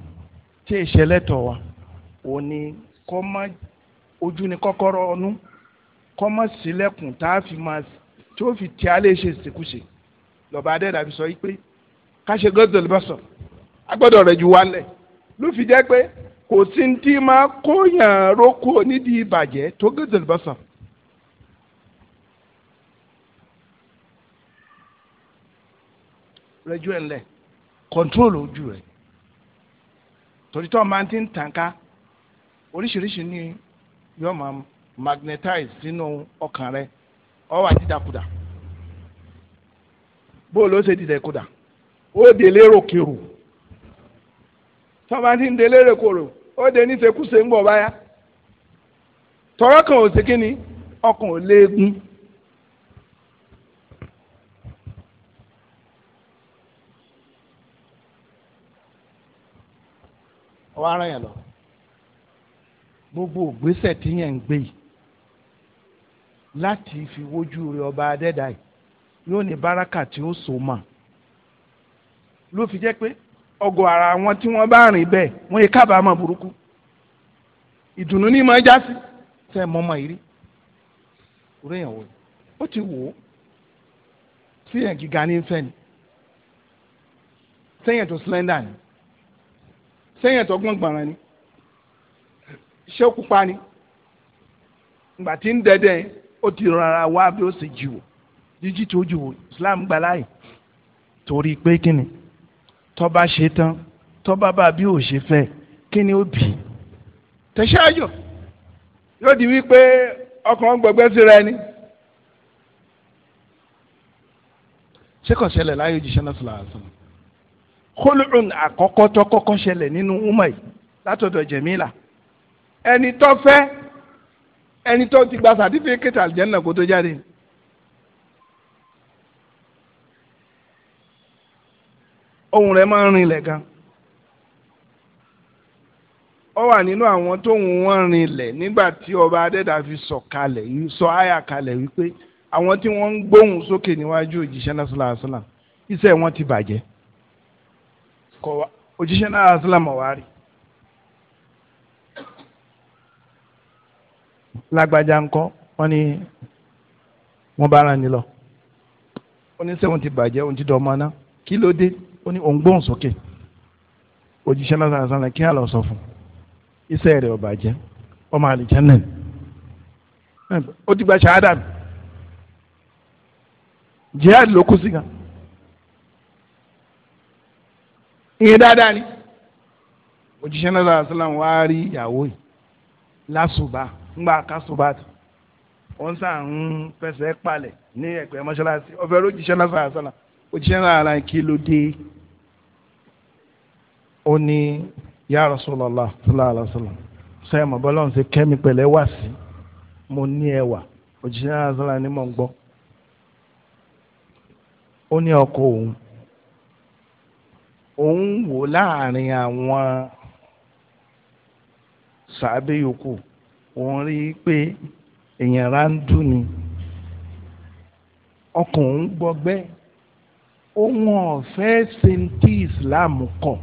tí ìṣẹ̀lẹ̀ tọ̀ wá ò ní kọ́ má ojú ni kọ́kọ́rọ́ ọnú kọ́ má sílẹ̀kùn tá a fi máa tí ó fi tí a lè ṣe ìsìnkú ṣe lọ́ba adẹ́dàbí sọ yí pé káṣe gọ́dọ̀ lọ́sọ̀ agbọ́dọ̀ rẹ̀ ju wálẹ̀ ló fi jẹ́ pé kò sí tí máa kóyàn rókò nídìí ìbàjẹ́ tó gọ́dọ̀ lọ́sọ̀. rẹjú ẹ̀ lẹ̀ kọ̀ǹtírólù ojú rẹ̀ torítọ́ máa ti ń tàn oríṣiríṣi ni yóò máa magnetize sínú ọkàn rẹ̀ ó wá dàkudà bó o ló ṣe dìde kudà. ó de lérò kèrò tọ́ba ti ń de lérò kèrò ó de níṣekúṣe ń bọ̀ báyà tọ́rọ́ kan ò sí kínni ọkàn ò léegun. ọwọ́ gbogbo ògbésẹ̀ tí yẹn ń gbé yìí láti fi wojú rẹ ọba adẹ́dàá yìí yóò ní báràkà tí so mọ́ ló fi jẹ́ pé ọgọ́ ara wọn tí wọ́n bá rìn bẹ́ẹ̀ wọ́n yẹ kábàámọ̀ burúkú ìdùnnú ní máa já sí tẹ́ ẹ̀ mọ́mọ́ yìí rí orí èèyàn wò ó ti wò ó sí èèyàn gíga ní fẹ́ ni sẹ́yìn tó slender ni sẹ́yìn tó gbọ̀ngbọ̀nrán ni ṣé ó ni ìgbà tí ń dẹ́dẹ́ ó ti rọra wá bí ó sì jù wò jíjí tó jù wò Islam gbà láàyè torí pé kí ni tọ́ba ṣe tán tọ́ba bá bí ò ṣe fẹ́ kí ni ó bì í. tẹ̀síájò yóò di wípé ọkàn gbọgbẹ́ síra ẹni. ṣé kò ṣẹlẹ̀ láyé òjíṣẹ́ náà sọ̀rọ̀ àṣọ. kólùrùn àkọ́kọ́ tó kọ́kọ́ ṣẹlẹ̀ nínú umar yìí látọ̀dọ̀ jẹ̀mílà ẹni tó fẹ́ ẹni tó ti gba sàtífíkẹ́tì àlìjẹ́nà kó tó jáde ni. ohun rẹ̀ máa ń rinlẹ̀ gan ó wà nínú àwọn tóun wọn rinlẹ̀ nígbà tí ọba adẹ́dà fi sọ kalẹ̀ sọ àyà kalẹ̀ wípé àwọn tí wọ́n ń gbóhùn sókè níwájú òjíṣẹ́ náà sọ́lá àṣàlám iṣẹ́ wọn ti bàjẹ́ kọ òjíṣẹ́ náà àṣàlám ọ̀wárí. lágbájá ńkọ́ wọ́n ní wọ́n bá ara ní lọ wọ́n ní sẹ́wọ̀n ti bàjẹ́ òun ti dọ̀ ọmọ náà kí ló dé ó ní òun gbóhùn sókè òjíṣẹ́ lásán àṣà lẹ́kí àlọ́ sọ fún iṣẹ́ rẹ̀ ọba jẹ́ ọmọ àlìjẹ́ náà ó ti gba ṣáádà jihad ló kú sí kan ìyẹn dáadáa ni òjíṣẹ́ náà sọ̀rọ̀ sọ́lá wa rí ìyàwó yìí lásùbà ńgbà kásùbà tó wọ́n sàn ń fẹsẹ̀ palẹ̀ ní ẹ̀pẹ́ mọ́ṣáláṣí ọ̀fẹ́ lójíṣẹ́ náà sọ̀rọ̀ sọ́lá òjíṣẹ́ náà ara kí ló dé ó ní ya Rasulullah sallallahu alaihi sọ ẹmọ bọlá ń ṣe kẹmi pẹlẹ wá sí mo ní ẹwà òjíṣẹ́ náà sọlá ni mò ń gbọ́ ó ní ọkọ òun òun wò láàrin àwọn sàábé yòókù òun rí i pé èèyàn rà ń dùn ni ọkàn òun gbọgbẹ́ òun ọ̀fẹ́ ṣe ń tí Islam kọ̀.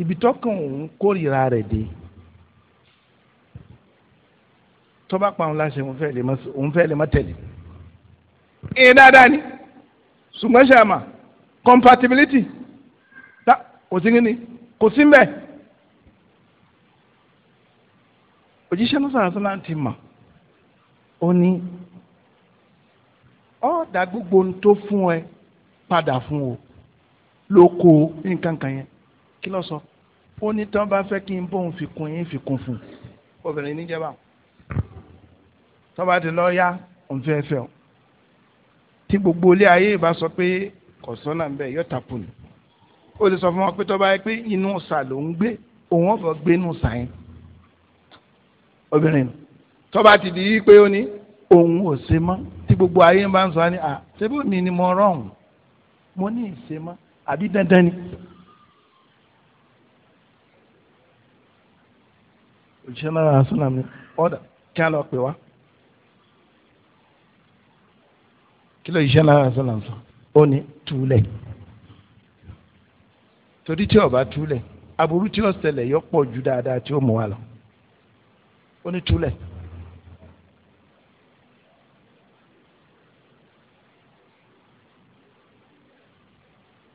ibi tọ́kàn òun kórìíra rẹ̀ dé tọ́ba pa òun láṣẹ òun fẹ́ lè má tẹ̀lé ìyẹn dáadáa ni ṣùgbọ́n ṣàmà compatibility ta kò sí kíni kò sí mbẹ́ òjíṣẹ́ náà sọ̀rọ̀ sọ́nà ti mà ó ní ọ̀ọ́dà gbogbo ohun tó fún ẹ padà fún o lóko nǹkan kan yẹn kí ló sọ ó ní tán bá fẹ́ kí n bóun fi kún yín fi kún fún obìnrin níjẹba tọ́ba ti lọ yá òun fẹ́ fẹ́ o tí gbogbo ilé ayé ìbá sọ pé kọ̀sọ́nà ń bẹ̀ yọ tàpù ni ó lè sọ fún wọn pé tọ́ba yẹ pé inú ọ̀sà ló ń gbé òun ọ̀fọ̀ gbé inú ọ̀sà yẹn obìnrin tọ́ba ti di yí pé ó ní òun ò ṣe mọ́ tí gbogbo ayé ń bá ń sọ á ní à ṣé bó mi ni mo rọrùn mo ní ìṣe mọ́ àbí dandan ni. òṣìṣẹ́ náà sọ́nà mi ọ̀dà kí á lọ pè wá. kí ló òṣìṣẹ́ náà sọ́nà sọ ó ní túlẹ̀ torí tí ó bá túlẹ̀ aburú tí ó ṣẹlẹ̀ yọ pọ̀ ju dáadáa tí ó mú wa lọ ó ní túlẹ̀.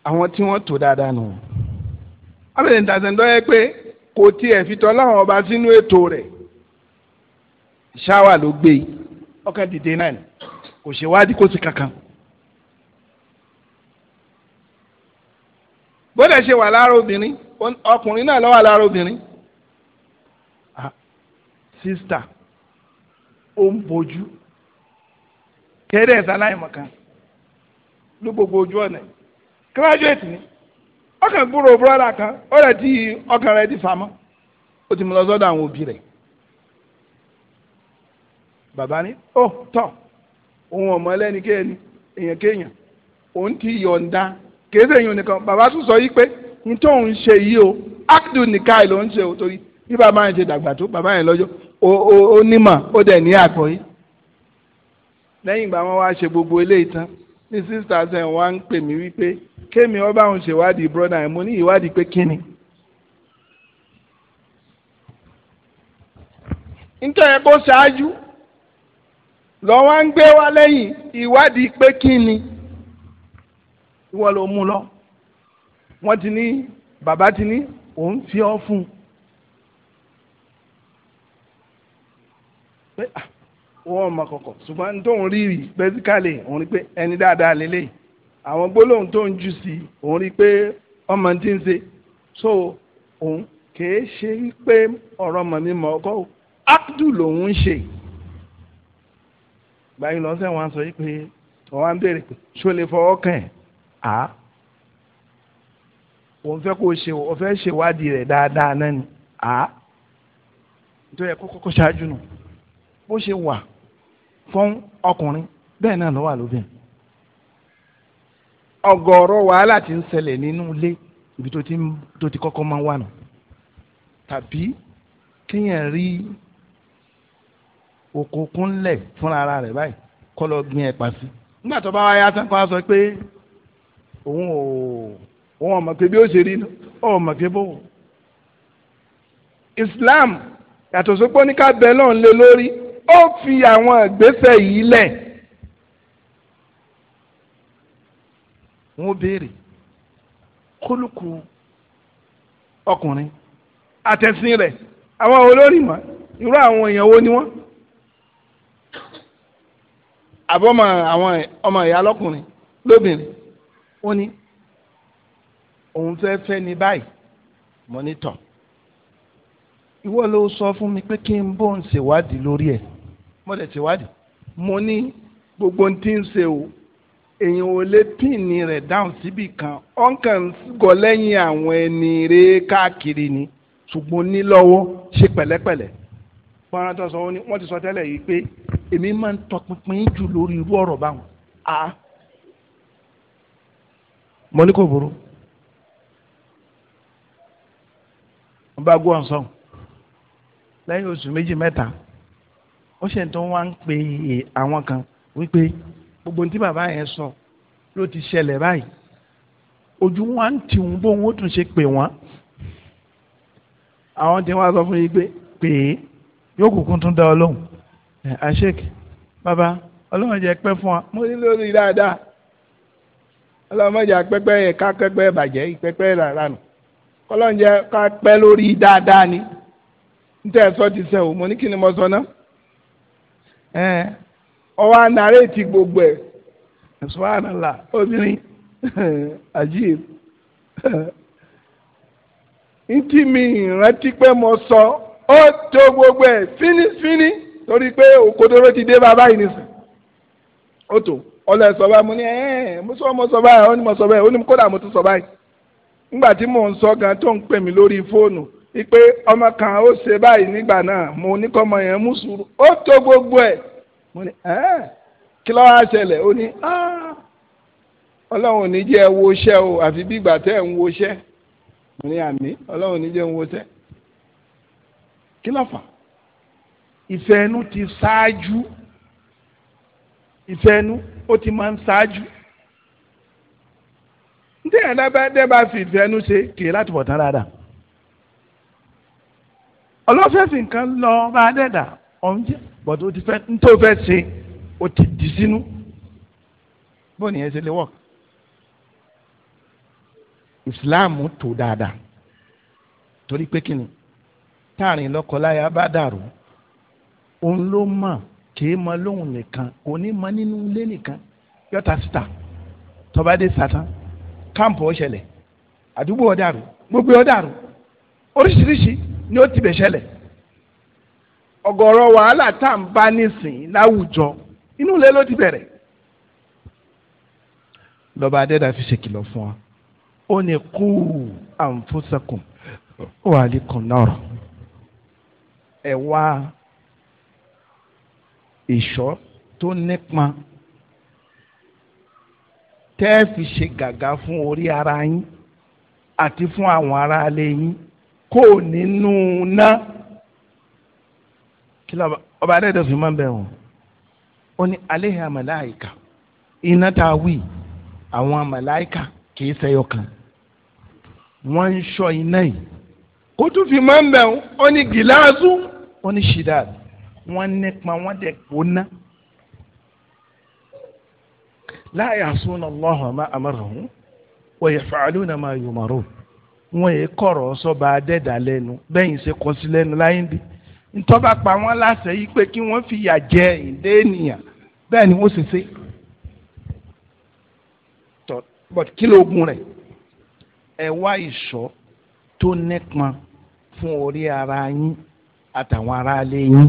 àwọn tí wọ́n tó dáadáa nù. abẹ́rẹ́ ìdàgbàsẹ̀ ń dọ́ yẹ pé kò tiẹ̀ fi láwọn ọba sínú ètò rẹ̀ ṣáwà ló gbé e ọkàn dìde náà ni kò ṣèwádìí kò sí kankan. bóde ṣe wà lára obìnrin ọkùnrin náà ló wà lára obìnrin ah, sista ó ń bojú kéde ẹ̀sán láì mọ̀kan ló gbogbo ojú ọ̀nà graduate ni Ọ gbúrò búrọ́dà kan ó rẹ̀ ti ọkàn rẹ̀ ti fà mọ́ ó ti mú lọ sọ́dọ̀ àwọn òbí bàbá ni tọ ọmọ ẹlẹ́ni kéèyàn èèyàn òun ti èèyàn nìkan baba tún sọ yìí pé tó ń o ákìdù nìka ló ń ṣe o torí bí bàbá yẹn dàgbà tó baba yẹn lọ́jọ́ ó ó dẹ̀ ní lẹ́yìn ìgbà wọn wá gbogbo eléyìí tán ní sísítà sẹ́n wá ń pè mí wípé kémi ọba òun ṣèwádìí brọ́dà ẹ̀ mo ní ìwádìí pé kíni. nítorí kó ṣáájú lọ wá ń gbé wá lẹ́yìn ìwádìí pé kíni ìwọ ló mú lọ wọ́n ti ní bàbá ti ní òun fi ọ́ fún un. Ah, wọ́n mọ kọ̀kọ̀ ṣùgbọ́n tóun rí rí pẹ́síkàlì òun rí pé ẹni dáadáa lélẹ̀ àwọn gbólóhùn tó ń jù sí òun rí pé ọmọ tí ń ṣe so òun kìí ṣe pé ọ̀rọ̀ mọ̀ mi mọ̀ ọkọ ápùdù lòun ń ṣe gbàyè lọ́sẹ̀ wọn sọ yìí pé wọ́n á ń béèrè pé ṣó lè fọwọ́ kàn ẹ́ á òun fẹ́ kó ṣe òun fẹ́ ṣèwádìí rẹ̀ dáadáa náà ni á nítorí ẹ̀ kó kọ́kọ́ ṣáájú nù bó ṣe wà fún ọkùnrin bẹ́ẹ̀ náà ló wà lóbìn ọ̀gọ̀ọ̀rọ̀ wàhálà tí ń ṣẹlẹ̀ nínú ilé ibi tó ti kọ́kọ́ máa ń wà nù tàbí kéèyàn rí òkùnkùn lẹ̀ fúnra ara rẹ̀ báyìí kọ́ lọ gbin ẹ̀pà sí nígbà tó bá wáyé atán kan sọ pé òun ò òun ọmọ pé bí ó ṣe rí ọmọ pé bó Islam yàtọ̀ sópó ní ká bẹ lọ́n lé lórí ó fi àwọn ìgbésẹ̀ yìí lẹ̀ wọ́n béèrè kólukú ọkùnrin àtẹ̀sìn rẹ̀ àwọn olórí mọ̀ irú àwọn èèyàn wo ni wọ́n àbọ̀mọ̀ àwọn ọmọ ìyá lọ́kùnrin lóbìnrin ó ní òun fẹ́ fẹ́ ni báyìí mọ́nítọ̀ ìwọ ló sọ fún mi pé kí n bó ń ṣèwádìí lórí ẹ̀ mo dẹ̀ ṣèwádìí mo ní gbogbo ohun tí ń ṣe o èèyàn ò lè píìnì rẹ̀ dáhùn síbì kan ọ̀nkàn ń gọ lẹ́yìn àwọn ẹni rẹ̀ káàkiri ni ṣùgbọ́n nílọ́wọ́ ṣe pẹ̀lẹ́pẹ̀lẹ́ pọ́nrán tó sọ wọn ni wọ́n ti sọ tẹ́lẹ̀ yìí pé èmi máa ń tọpinpin jù lórí irú ọ̀rọ̀ báwọn a mo ní kò burú mo gbọ́ ọ̀sán lẹ́yìn oṣù méjì mẹ́ta ó ṣe tó wá ń pe àwọn kan wípé gbogbo tí bàbá yẹn sọ ló ti ṣẹlẹ̀ báyìí ojú wa ń tìhún bóun ó tún ṣe pè wọ́n àwọn tí wọ́n sọ fún yín pé pè é yóò kúkú tún dá ọ lóhùn àṣek bàbá ọlọ́run jẹ́ pẹ́ fún wa mo ní lórí dáadáa ọlọ́run jẹ́ pẹ́pẹ́ yẹn ká pẹ́pẹ́ bàjẹ́ ìpẹ́pẹ́ rárá nù ọlọ́run jẹ́ ká pẹ́ lórí dáadáa ni. ntẹ sọ ti sẹ o mo ní kí ni mo sọ náà gbogbo ẹ subhanallah obìnrin ajib ntí mi ìrántí pé mo sọ ó tó gbogbo ẹ fínífíní torí pé òkodoro ti dé bàbá yìí nìsín ó tó ẹ sọ mo ní ẹ ó ní ó sọ nígbà tí mò sọ gan tó ń pè mí ipe ọmọ kan ó ṣe báyìí nígbà náà mo ní kọ́ ọmọ yẹn mú sùúrù ó tó gbogbo ẹ̀ mo ní ẹ́ kí ló wá ṣẹlẹ̀ ó ní ah, ọlọ́run ò wo iṣẹ́ o àfi bí ìgbà tẹ́ ẹ̀ ń wo iṣẹ́ mo ní àmì ọlọ́run ò ní jẹ́ ń wo iṣẹ́ kí ló fà ìfẹ́ ẹnu ti ṣáájú ìfẹ́ ẹnu ó ti máa ń ṣáájú ní tí ẹ̀dá bá fìfẹ́ ẹnu ṣe kì í láti bọ̀ tán dáadáa. ọlọ́fẹ̀sì nǹkan lọ bá dẹ́dà ọ̀hún jẹ́ bọ̀dọ̀ ó ti fẹ́ ní fẹ́ ṣe ó ti dì sínú bó ni ẹ ṣe lè wọ̀k. Islam tó dáadáa torí pé kí ni táàrin lọ́kọláya bá dàrú òun ló mọ̀ kìí mọ lóhùn nìkan òní ní mọ nínú ilé nìkan yọta síta tọba dé satan káàmpù ọ̀ṣẹlẹ̀ àdúgbò ọ̀dàrú gbogbo ọ̀dàrú oríṣiríṣi ni ó ti bẹ̀ ṣẹlẹ̀ ọ̀gọ̀rọ̀ wàhálà tá à ń bá nísìn láwùjọ inú ilé ló ti bẹ̀rẹ̀ lọ́ba adẹ́dà fi ṣèkìlọ̀ fún wa ó ní kú àǹfóṣakùn ó wà lẹ́kùn náà ẹ̀ wá ìṣọ́ tó nípa tẹ́ fi ṣe gàgà fún orí ara yín àti fún àwọn ará ilé yín kó nínú ná kí ló ọba adédè fi máa ń bẹ̀ wọ́n ó ní aléhà màláìka iná tá a wí àwọn màláìka kì í ṣẹyọ kan wọ́n ń sọ iná yìí ó tún fi máa ń bẹ̀ wọ́n ó ní gíláàsù ó ní shidad wọ́n nípa wọ́n dẹ̀ gbóná la ya'suna Allaha ma amarahum wa yaf'aluna ma yumarun wọn èé kọ̀rọ̀ sọ́ba adẹ́dà lẹ́nu bẹ́yìn ṣe kọ́ sí lẹ́nu láyéǹde ntọ́ba pa wọ́n láṣẹ yìí pé kí wọ́n fi yà jẹ ìdé ènìyàn bẹ́ẹ̀ ni wọ́n ṣe ṣe tọ́ but kí ló gun rẹ̀ ẹ wá ìṣọ́ tó nípọn fún orí ara yín àtàwọn aráalé yín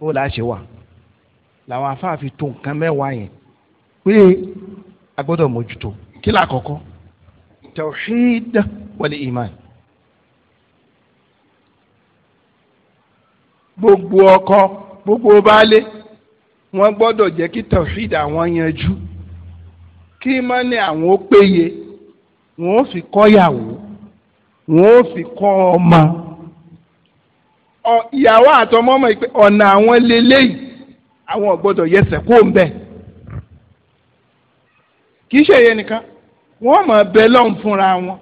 ó láṣẹ wà làwọn afáàfin tó nǹkan mẹ́wàá yẹn pé a mójútó kí làkọ́kọ́. التوحيد والإيمان gbogbo ọkọ gbogbo baálé wọ́n gbọ́dọ̀ jẹ́ kí tawhid àwọn yanjú kí mọni àwọn ó péye wọ́n ó fi kọ́yàwó wọ́n ó fi kọ́ ọmọ ìyàwó àtọmọ ọmọ ìpè ọ̀nà àwọn lélẹ́yìí àwọn ò gbọ́dọ̀ yẹsẹ̀ kó ń bẹ̀ kì í ṣe ìyẹn nìkan wọ́n mọ̀ bẹ́ẹ̀ lọ́n fúnra wọn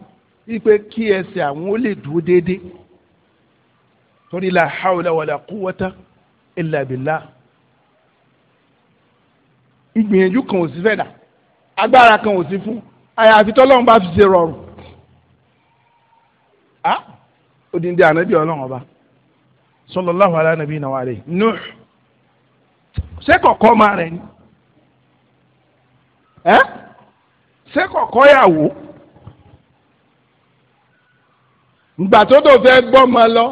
wípé kí ẹsẹ̀ àwọn ó lè dúró déédéé torí la hawla wàlà quwwata illa billah ìgbìyànjú kan ò sí fẹ́ dà agbára kan ò sí fún àyàfi tọ́lọ́run bá fi ṣe rọrùn a ah, odindi ànábì ọlọ́run ọba sallallahu ala nabina wa alayhi ṣé kọ̀ọ̀kọ́ máa rẹ̀ ni ṣé kọ̀kọ́ yàwó gbà tó tó fẹ́ gbọ́mọ lọ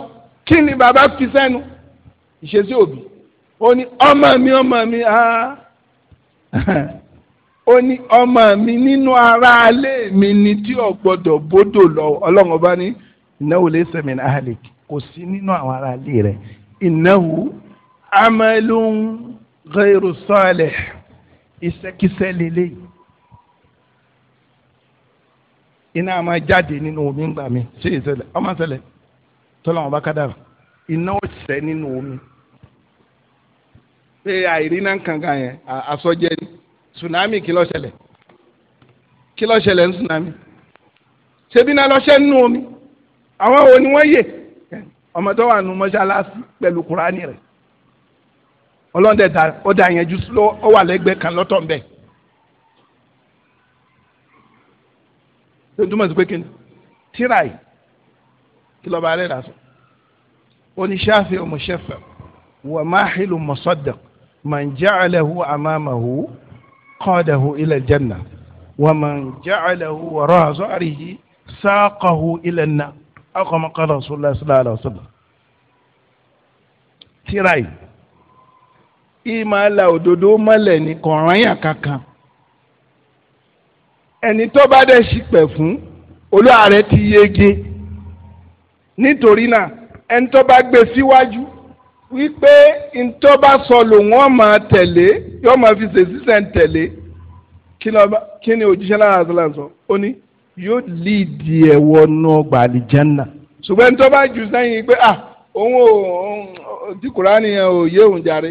kí ni bàbá fi sẹ́nu ìṣesí òbí ó ní ọmọ mi ọmọ mi ó ní ọmọ mi nínú aráalé mi ni tí ò gbọdọ̀ bódò lọ ọlọ́run ọba ní ìnáwó lè sẹ̀mí náà àlè kò sí nínú àwọn aráalé rẹ̀ ìnáwó amalun ghairu salih ìṣẹ́kíṣẹ́ lélẹ́yìí. iná máa jáde nínú omi ńgbà mi ṣé ìṣẹ̀lẹ̀ ọmọ ìṣẹ̀lẹ̀ tọ́lá wọn bá ká dára iná ọ̀sẹ̀ nínú omi pé kankan yẹn àsọjẹ tsunami kí ló ṣẹlẹ̀ kí ló ṣẹlẹ̀ ní tsunami ṣebí náà nínú omi àwọn wo ni yè ọmọ tó wà nù mọ́ṣáláṣí pẹ̀lú kúránì ó dà yẹn jù ó kan lọ́tọ̀ tó túmọ̀ sí pé kí ni tíra yìí kí lọ́ba alẹ́ lásán oníṣàfi ọmọṣẹ́fẹ̀ wà máhìlú mọ̀sọ́dọ̀ màá jẹ́ àlẹ́hu àmàmàhu kọ́ọ̀dàhu ilẹ̀ jẹ́nà wà màá jẹ́ àlẹ́hu wọ̀rọ̀ àzọ́ àríyí sáàkọ̀hu ilẹ̀ nà akọ̀mọkọ̀lọ̀ sọlá sọlá àlọ́ ìmọ̀ àlà òdodo mọ́lẹ̀ ní kọ̀ọ̀rọ̀ yà kankan ẹni tó bá dẹ̀ ṣìpẹ̀ fún olúwa rẹ̀ ti yege nítorí náà ẹni tó bá gbé síwájú wípé ẹni tó bá sọ lòun ó máa tẹ̀lé yóò máa fi ṣe sísẹ̀ ń tẹ̀lé kí ni òjíṣẹ́ náà àtàlà sọ ó ní yóò líìdì ẹ̀ wọnú ọgbà àlìjánà ṣùgbọ́n ẹni tó bá jù sẹ́yìn pé ah òun ò tí kùránì yẹn ò yé òun jàre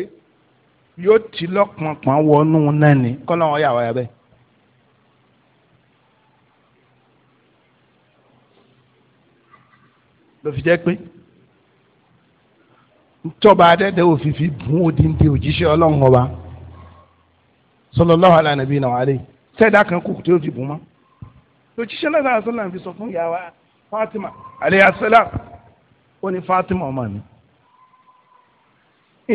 yóò ti lọ́pọ̀npọ̀n wọnú náà ni kọ́ńtà wọn yà wáyà bẹ́ẹ̀. ló fi jẹ́ pé tọ́ba adẹ́dẹ́ òfin fi bùn òdìndí òjíṣẹ́ ọlọrun ọba sallallahu ala nabiyina wa alayhi sẹ́ẹ̀dá kan kù tí ó fi bùn mọ́ òjíṣẹ́ náà sáà sọ́nà fi sọ fún ìyá wa Fatima alayha salam ó ní Fatima ọmọ mi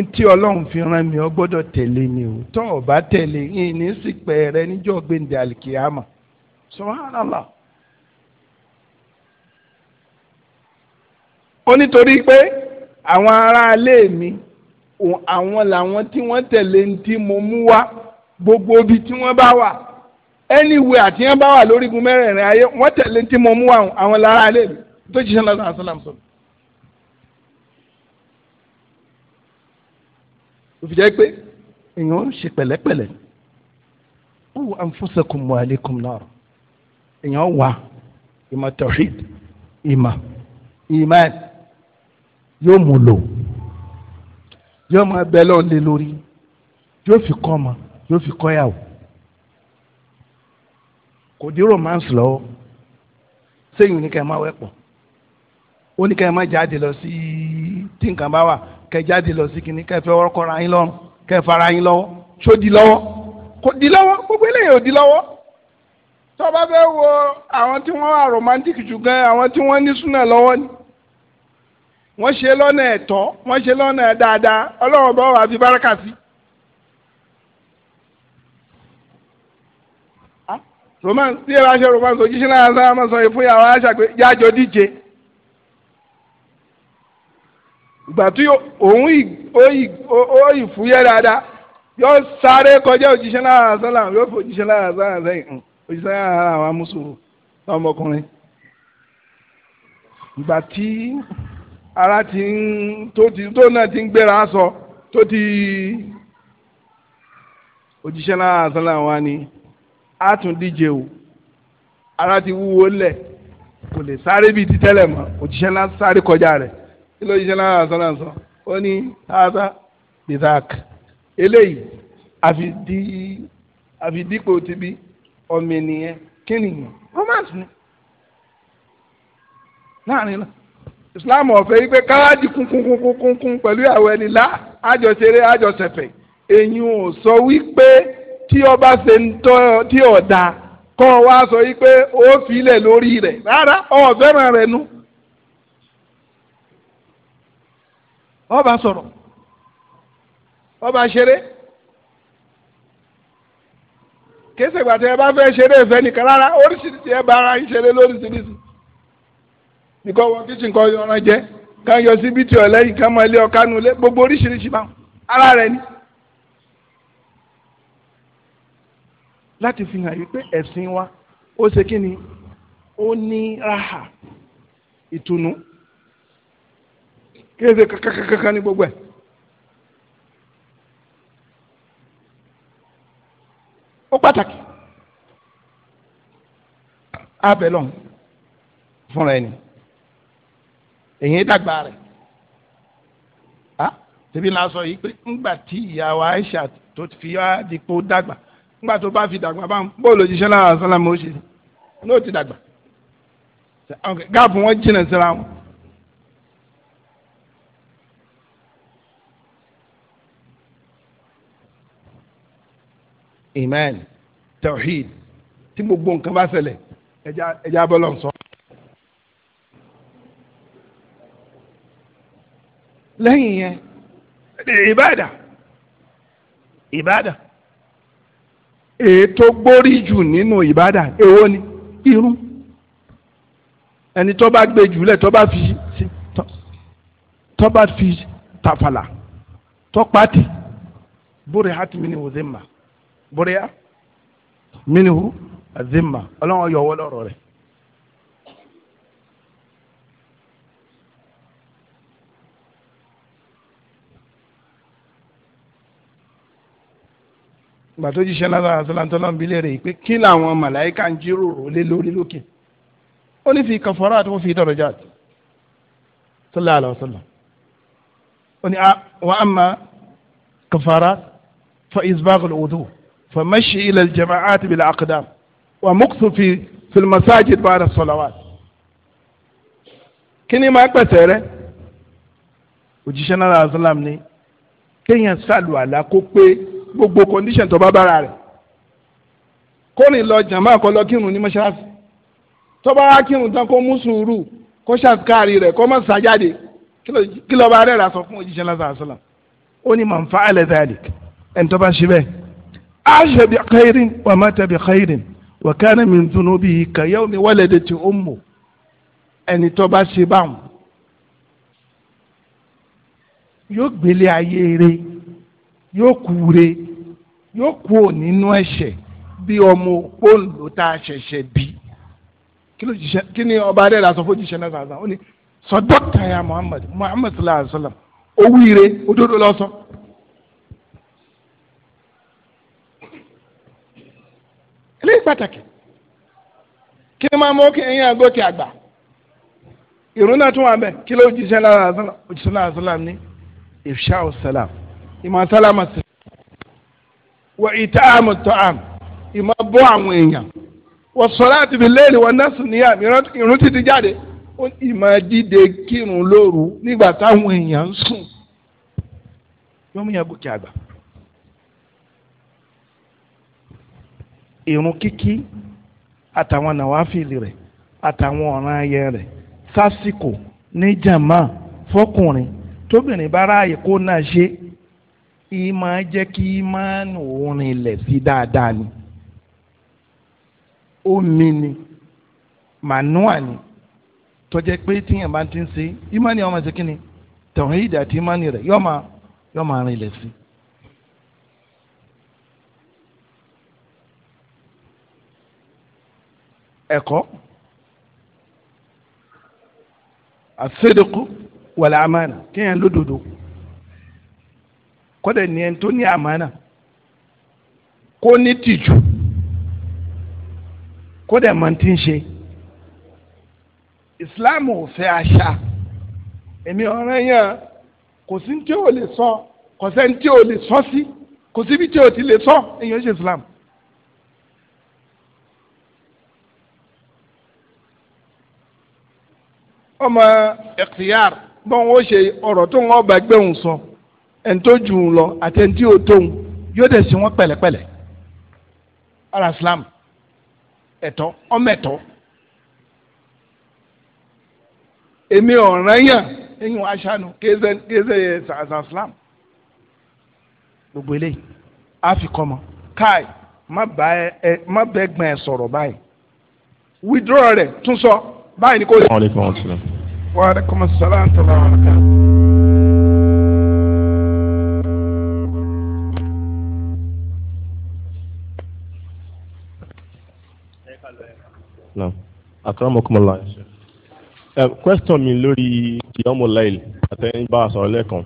ntí ọlọrun fi rán mi ọ gbọdọ tẹ̀lé mi o tọ́ ọ bá tẹ̀lé yìí ní sípẹ́ rẹ sọ gbẹ̀ǹdẹ̀ àlìkìyàmà subhanallah ó nítorí pé àwọn aráalé mi àwọn làwọn tí wọ́n tẹ̀lé ń tí mo mú wá gbogbo ibi tí wọ́n bá wà anyway àti wọ́n bá wà lórígun mẹ́rẹ̀ẹ̀rin ayé wọ́n tẹ̀lé ń tí mo mú wá àwọn láraalé mi tó jíṣẹ́ lọ́sàn án sọ́làmù sọ́làmù. òfin jẹ́ pé èèyàn ń ṣe pẹ̀lẹ́pẹ̀lẹ́ wọ́n wọ anfusakum wa alaykum nar èèyàn wà ìmọ̀ tawhid ìmọ̀ ìmọ̀ ẹ̀ yóò mú lò yóò máa bẹ lọ́n lé lórí yóò fi kọ́ ọmọ yóò fi kọ́ yàwó kò dí romance lọ́wọ́ sẹ́yìn ní ká ẹ máa wẹ̀pọ̀ ó ní ká ẹ máa jáde lọ sí tí nǹkan bá wà kẹ jáde lọ sí kìnní kẹ fẹ́ ọkọ̀ra yín lọ́rùn kẹ fara yín lọ́wọ́ ṣó di lọ́wọ́ kò di lọ́wọ́ gbogbo eléyìí ò di lọ́wọ́ tó o bá fẹ́ wo àwọn tí wọ́n wà romantic jù gan àwọn tí wọ́n ní súnà lọ́wọ́ ni wọ́n ṣe lọ́nà ẹ̀tọ́ wọ́n ṣe lọ́nà dáadáa ọlọ́run bá wà fi báràkà sí. Ah, romance tí ẹ bá ṣe romance òjíṣẹ́ náà sábà máa sọ ìfún yàrá àṣà pé jájọ díje. ìgbà tí òun ó ìfúyẹ́ dáadáa yóò sáré kọjá òjíṣẹ́ náà sọ́là yóò fi òjíṣẹ́ náà sáà sẹ́yìn òjíṣẹ́ náà àwọn amúsùn ọmọkùnrin. ìgbà tí. ara ti ń tó ti tó náà ti ń gbéra sọ tó ti òjíṣẹ́ náà wa ni a tún o ara ti wúwo lẹ̀ kò lè sáré bíi ti tẹ́lẹ̀ mọ́ òjíṣẹ́ náà sáré kọjá rẹ̀ kí ló jíṣẹ́ náà àṣálà sọ ó ní tààtà bisak eléyìí ti bí ọmọ ènìyàn kí nìyẹn romance ni láàrin islam ọ̀fẹ́ yìí pé káwájì kúnkúnkúnkún pẹ̀lú ìyàwó ẹni lá àjọṣeré àjọṣẹ̀fẹ̀ èyí ò sọ wípé tí ọba ṣe ń tọ́ tí ọ̀dà kọ́ wa sọ wípé ó filẹ̀ lórí rẹ̀ rárá ọ̀ fẹ́ràn rẹ̀ nu. ọba sọ̀rọ̀ ọba ṣeré kéṣègbàtẹ́ ẹ bá fẹ́ ṣeré ìfẹ́ nìkan rárá oríṣiríṣi ẹ bá ara ń ṣeré lóríṣiríṣi nìkan wọ kíchìn kan yọ ọ̀ràn jẹ ká yọ sí bíi ti ọ̀lẹ́yìn ká máa lé ọ̀ká nulẹ̀ gbogbo oríṣiríṣi máa ara rẹ̀ ni. láti fi hàn yí pé ẹ̀sìn wa ó ṣe kí ni ó ní ráhà ìtùnú kí ẹsẹ̀ kàkàkàkà ní gbogbo ẹ̀. ó pàtàkì abẹ́lọ́n fúnra ẹni èyí dàgbà rẹ̀ a tẹbi náà sọ yìí pé ńgbà tí ìyàwó Aisha tó fi wá dipò dàgbà ńgbà tó bá fi dàgbà bá ń bóòlù òjíṣẹ́ náà sálàmù ó ṣe ní ó ti dàgbà gáàpù wọn jìnnà síra wọn. iman tawhid tí gbogbo nǹkan bá ṣẹlẹ̀ ẹja ẹja bọ́lọ̀ sọ. lẹ́yìn yẹn ìbáàdà ìbáàdà ètò gbórí jù nínú ìbáàdà èwo ni irun ẹni tó bá gbé jùlẹ̀ tó bá fi tó bá fi tàfàlà tó pàtì bóre hàtí mi ni wò zimma bóre yá mi ni wò zimma ọlọ́run yọ̀ lọ́rọ̀ rẹ̀. ìgbà tó jíṣẹ́ lára àtọ́lántọ́lọ́n bí léèrè pé kí làwọn màláìka ń jíròrò lé lórí lókè ó ní fi kàfàrà àti wọ́n fi dọ̀rọ̀jà sallallahu alaihi wasallam ó ní wa amma kàfàrà fa isbaghul wudu fa mashi ila al-jama'at bil aqdam wa muqtu fi fi al-masajid ba'da as-salawat kí ni máa pẹ̀sẹ̀ rẹ òjíṣẹ́ lára àtọ́lám ni kéèyàn sàlù àlá kó pé gbogbo condition tó bá bára rẹ̀ kórìn lọ jàmbá kọ lọ kírun ní mọ́ṣáláṣí tó bá wá kírun tán kó mú sùúrù kó ṣàkárì rẹ̀ kó má sàjáde kí ló bá rẹ́ra sọ fún òjíṣẹ́ lásán àṣọlá ó ní man fa'ala dhalik ẹni tó bá ṣe bẹ́ẹ̀ aṣa bi khairin wa mata bi khairin wa kana min dhunubihi ka yawmi waladati ummu ẹni tó bá ṣe báwọn yóò gbélé ayé rẹ̀ yóò kú re yóò kú ò nínú ẹ̀ṣẹ̀ bí ọmọ òǹlò tá a ṣẹ̀ṣẹ̀ bí kí ni ọba adéla sọ fún jíṣẹ́ náà sàásà ó ní sọ dókítà ya Muhammad Muhammad sallallahu alayhi wa sallam ó wíire òdodo lọ́sọ. eléyìí pàtàkì kí ni máa mú kí ẹ̀yin àgọ́kì àgbà ìrún náà tún wà bẹ́ẹ̀ kí ló jíṣẹ́ náà sàásà òjíṣẹ́ náà sàásà ní ifṣà ọ̀sálàmù ìmọ̀ sálámà sí wọ ìta àmì tọ́ àmì ìmọ̀ bọ́ àwọn èèyàn wọ sọlá àti bí léèrè wọn náà sùn níyà ìrún títí jáde ìmọ̀ dídé kírun lóru nígbà táwọn èèyàn ń sùn yọmú yẹn gòkè àgbà. ìrún kíkí àtàwọn nàwáfìlì rẹ̀ àtàwọn ọ̀ràn ayẹ rẹ̀ sásìkò ní fọkùnrin tóbìnrin bá ráàyè kó náà ṣe ìmọ̀ jẹ́ kí ìmọ̀nù orin ilẹ̀ sí dáadáa ni omi ni mànúà ni tọ́jẹ́ pé tíyẹn bá ti ń ṣe ìmọ̀nì ọmọ ṣe kíni tọ̀hún ìdí àti ìmọ̀nì rẹ̀ yọ́ máa yọ́ máa rin ilẹ̀ sí. ẹ̀kọ́ àṣẹ́dẹ́kù wàlẹ́ àmàlà kíyẹn lódodo. kọ́dẹ̀ ni ẹni tó ní àmánà kó ní tìjú kọ́dẹ̀ mọ̀ ti ń ṣe ìsìláàmù ò fẹ́ emi èmi ọ̀rẹ́ yẹn kò sí o lè sọ kò sẹ́ni tí o lè sọ sí kò tí o ti lè sọ èèyàn ṣe ìsìláàmù. ọmọ ẹ̀kìyàr bọ́n ó ṣe ọ̀rọ̀ tó ń ọba ẹni tó jù ú lọ àti ẹni tí ò tóun yóò dẹ̀ sí wọn pẹ̀lẹ́pẹ̀lẹ́ ara Islam ẹ̀tọ́ ọmọ ẹ̀tọ́ èmi ọ̀ràn yàn ẹ̀yìn wọn aṣáánu kéèzẹ kéèzẹ yẹ sàásà Islam gbogbo eléyìí á fi kọ́ mọ káì má bẹ́ẹ̀ gbọ́n ẹ sọ̀rọ̀ báyìí withdraw rẹ̀ tún sọ báyìí ni kò. wa aleykum salaam wa rahmatulah. na akramakumullah question mi lórí kiyamulail àtẹnibà sọ̀rọ̀ lẹ́ẹ̀kan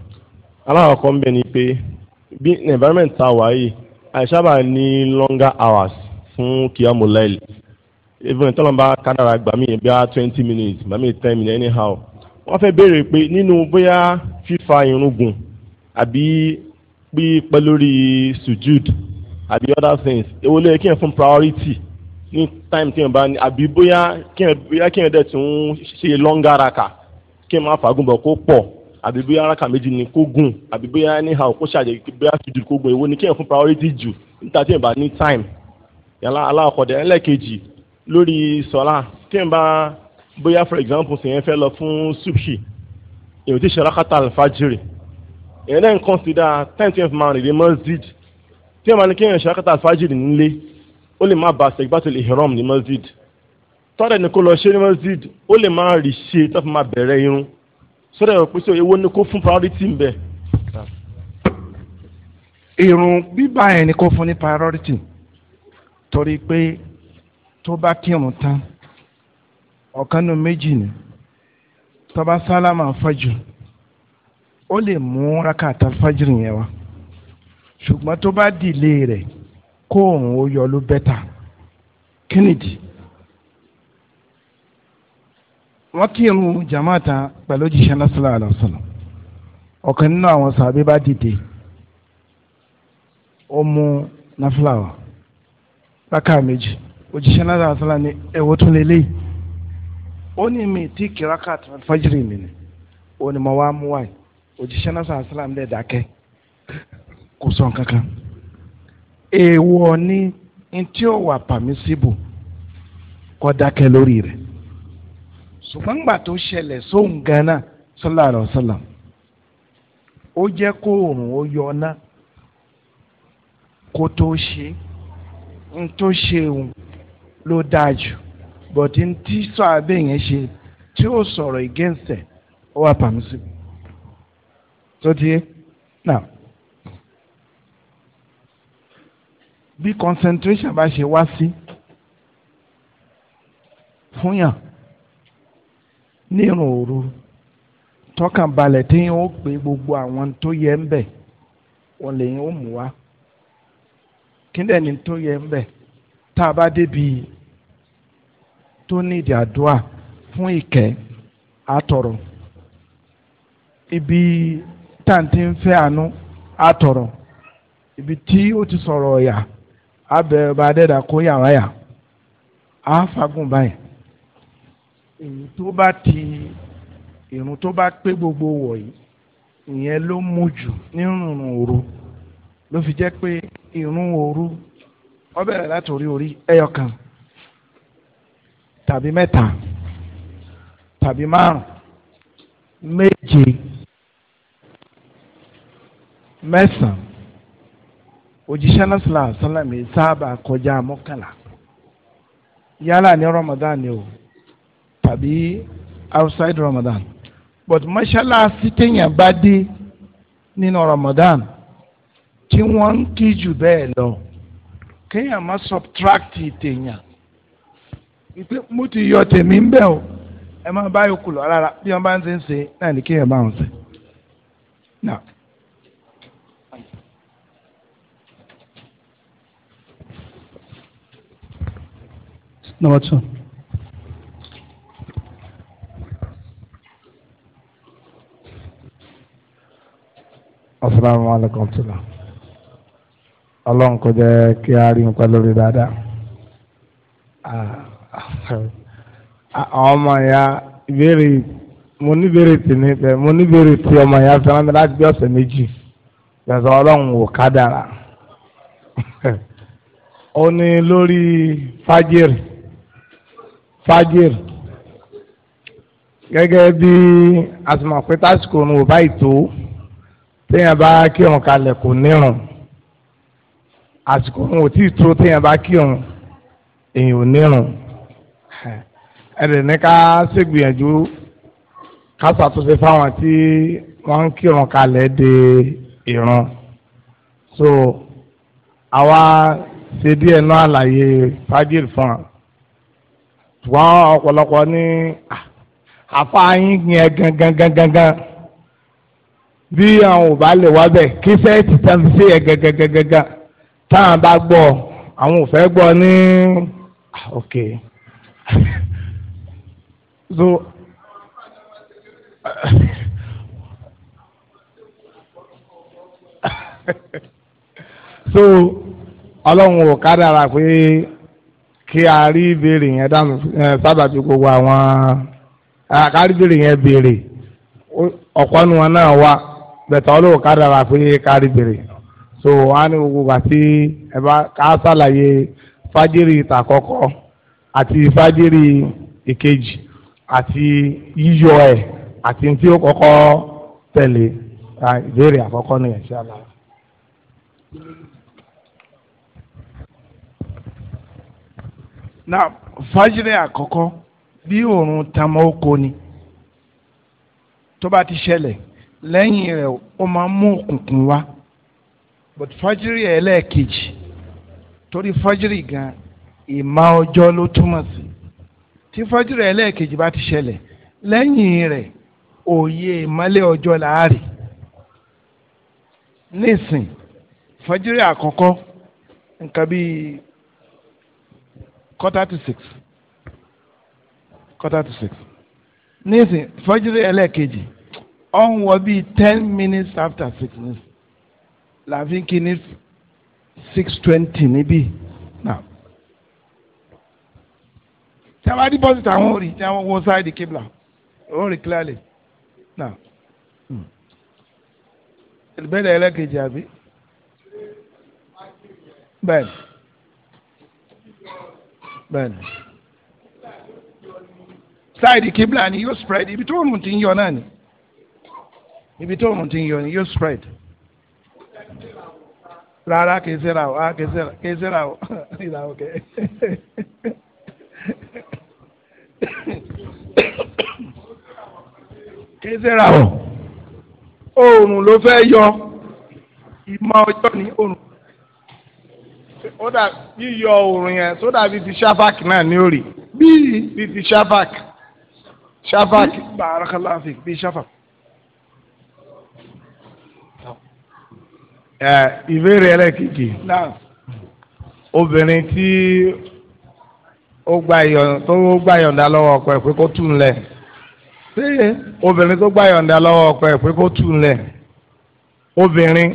alákọ̀ọ́kọ́ ń bẹ ni pé bí environment tá a wà yìí àìsábà ní longer hours fún kiyamulail even tọ́lọ́mbà kádàrà gbà mí bí i twenty minutes gbà mí ten minutes anyhow wọ́n fẹ́ béèrè pé nínú bóyá fífa irun gùn àbí pípẹ́ lórí sujud àbí other things èwo ló yẹ kí n fún priority ní time tí yẹn bá ní àbí bóyá kí yẹn dẹ̀ tún ṣe lọ́ngà raka kí yẹn máa fàágùn bọ̀ kó pọ̀ àbí bóyá raka méjì ni kó gùn àbí bóyá anyhow kó ṣàjẹ́ bóyá sùjúdù kó gùn èwo ni kí yẹn fún priority jù níta tí yẹn bá ní táìmù yàrá aláàkọ̀dẹ̀ ẹlẹ́ẹ̀kejì lórí sọ́lá tí yẹn bá bóyá for example sì yẹn fẹ́ lọ fún subhi èyí ti ṣe rakata alfajiri èyí náà ń consider time tí yẹn fi máa rìn dé masjid tí yẹn máa ní kí yẹn ṣe rakata alfajiri nílé ó lè má ba sẹgbàtò ìhìrọm ní masjid tọ́lẹ̀ ní kó lọ ṣe ní masjid ó lè má rí ṣe tó má bẹ̀rẹ̀ irun sọ́dọ̀ ẹ̀rọ pé sọ ni kó fún priority ń bẹ̀. irun bíbá yẹn ni kó fún ní priority torí pé tó bá kírun tán ọ̀kan nu méjì ni tó bá sálámà fajr ó lè mú rákàtà fajr yẹn wá ṣùgbọ́n tó bá dìlé rẹ̀ kóòrùn ó yọ ló bẹ́tà kínìdì wọ́n kírun jamaata pẹ̀lú jíṣẹ́ lásìlá àlọ́sọ̀lọ́ ọ̀kan nínú àwọn sàbí bá dìde ó mú náfúláwà rákà méjì òjíṣẹ́ náà àlọ́sọ̀lá ni ẹ̀wọ́ tún lé léyìí ó ní mi tí kìrákà fájìrì mi ni ó ní mo wá mú wáyé èèwọ̀ ni ntí ó wà pàmísíbù kọ́ dákẹ́ lórí rẹ̀ ṣùgbọ́n gbà tó ṣẹlẹ̀ sóun gánà sallallahu alaihi ó jẹ́ kó oòrùn ó yọ ná kó tó ṣe ń tó ṣe òun ló dáa jù bọ̀dí ń sọ abẹ́ yẹn ṣe tí ó sọ̀rọ̀ against ẹ̀ ó wà pàmísíbù bí concentration bá ṣe wá sí fún yàn nírun òru tọkàn balẹ̀ tí yín ó pè gbogbo àwọn tó yẹ ń bẹ̀ wọn lèyìn ó mú wá kíndẹ̀ ni tó yẹ ń bẹ̀ tá a bá débi tó nídìí àdúrà fún ìkẹ́ àtọ̀rọ̀ ibi tá à ń ti ń fẹ́ àánú àtọ̀rọ̀ ibi tí ó ti sọ̀rọ̀ ọ̀yà abẹ ọba adẹ́dà kó yàrá yà á fagùn báyìí èyí tó bá ti ìrun tó bá pé gbogbo wọ̀nyí ìyẹn ló mú jù nírun òru ló fi jẹ́ pé ìrun òru ó bẹ̀rẹ̀ láti orí orí ẹyọkan tàbí mẹ́ta tàbí márùn méje mẹ́sàn-án. òjíṣẹ́ náà sọ̀rọ̀ àṣálàmì sábà kọjá mọ́kànlá yálà ní Ramadan ni o tàbí outside Ramadan but mọ́ṣáláṣí téèyàn bá dé nínú Ramadan tí wọ́n ń kí jù bẹ́ẹ̀ lọ kéèyàn má subtract téèyàn ìpè mo ti yọ tèmi ń bẹ̀ o ẹ má bá yòókù lọ rárá bí wọ́n bá ń ṣe ń ṣe náà kéèyàn bá wọn ṣe. Number two. asalaamu alaykum tula ọlọ́run kò jẹ́ kí a rí nǹkan lórí dáadáa ah, ah, àwọn ọmọ ya ìbéèrè mo níbèrè tì ní bẹ mo níbèrè tì ọmọ ya fẹ́ràn mi láti bí ọ̀sẹ̀ méjì yàtọ̀ ọlọ́run wò ká dára ó ní lórí fájìrì fajir gẹ́gẹ́ bí àtìmọ̀pé tásìkò òun ò báyìí tó téèyàn bá kírun kalẹ̀ kò nírun àsìkò òun ò tíì tó téèyàn bá kírun èèyàn ò nírun ẹ̀rẹ̀ ní ká ṣègbìyànjú ká ṣàtúnṣe fáwọn tí wọ́n ń kírun kalẹ̀ de ìrun so àwa ṣe díẹ̀ náà àlàyé fájìrì fún wa ṣùgbọ́n ọ̀pọ̀lọpọ̀ ní àfààyàn yẹn gangan gangan gan bí àwọn ò bá lè wá bẹ̀ kí sẹ́ẹ̀tì tán fi ṣe yẹn gangan gangan gan táwọn bá gbọ́ àwọn ò fẹ́ gbọ́ ní ok so so ọlọ́run ò ká dára pé. kí a rí ìbéèrè yẹn dànù sábà gbogbo àwọn àkárí ìbéèrè yẹn béèrè ọ̀pọ̀ nu wọn náà wà bẹ̀tẹ̀ ọlọ́wọ́ ká dára pé so wọn ní gbogbo àti ẹ bá ká sàlàyé fájírì ìtàkọ́kọ́ àti fájírì ìkejì àti yíyọ ẹ̀ àti tí ó kọ́kọ́ tẹ̀lé ìbéèrè àkọ́kọ́ nìyẹn ṣáà na fajiri àkọ́kọ́ bí òòrùn tamọ́ oko ni tó bá ti ṣẹlẹ̀ lẹ́yìn rẹ̀ ó máa mú òkùnkùn wá but fajiri ẹlẹ́ẹ̀kejì tori fajiri gan ìmọ̀ ọjọ́ ló túmọ̀ sí tí fajiri ẹlẹ́ẹ̀kejì bá ti ṣẹlẹ̀ lẹ́yìn rẹ̀ òye ìmọ́lẹ̀ ọjọ́ làárì nísìn fajiri àkọ́kọ́ nǹkan quarter to six quarter to six nísìn fọ́júrí ẹlẹ́ẹ̀kejì ó ń wọ bíi ten minutes after six minutes làfin kìíní six twenty níbí now tí a bá dí bọ́sì táwọn ò rí tí wọ́n wọ sáìdì kébìlà ó rí clearly now hmm. ìbéèrè ẹlẹ́ẹ̀kejì àbí bẹ́ẹ̀ bẹ́ẹ̀ni sáìdì kíbla ni yóò spread ibi tó oòrùn ti ń yọ náà ni ibi tó oòrùn ti ń yọ ni yóò spread rárá kìí ṣe ra o ah kìí ṣe ra o ìlà òkè kìí ṣe ra o oòrùn ló fẹ́ yọ ìmọ̀ ọjọ́ ni oòrùn ó dà yíyọ oòrùn yẹn tó dàbí ti shafak náà ní òrì bíi bíi ti shafak shafak barakallahu fik bíi shafak. ìbéèrè ẹlẹ́kìkì obìnrin tí ó gba ìyọ̀n tó gba ìyọ̀ǹda lọ́wọ́ ọkọ ẹ̀ pé kó tù ú lẹ̀ obìnrin tó gba ìyọ̀ǹda lọ́wọ́ ọkọ ẹ̀ pé kó tù ú lẹ̀ obìnrin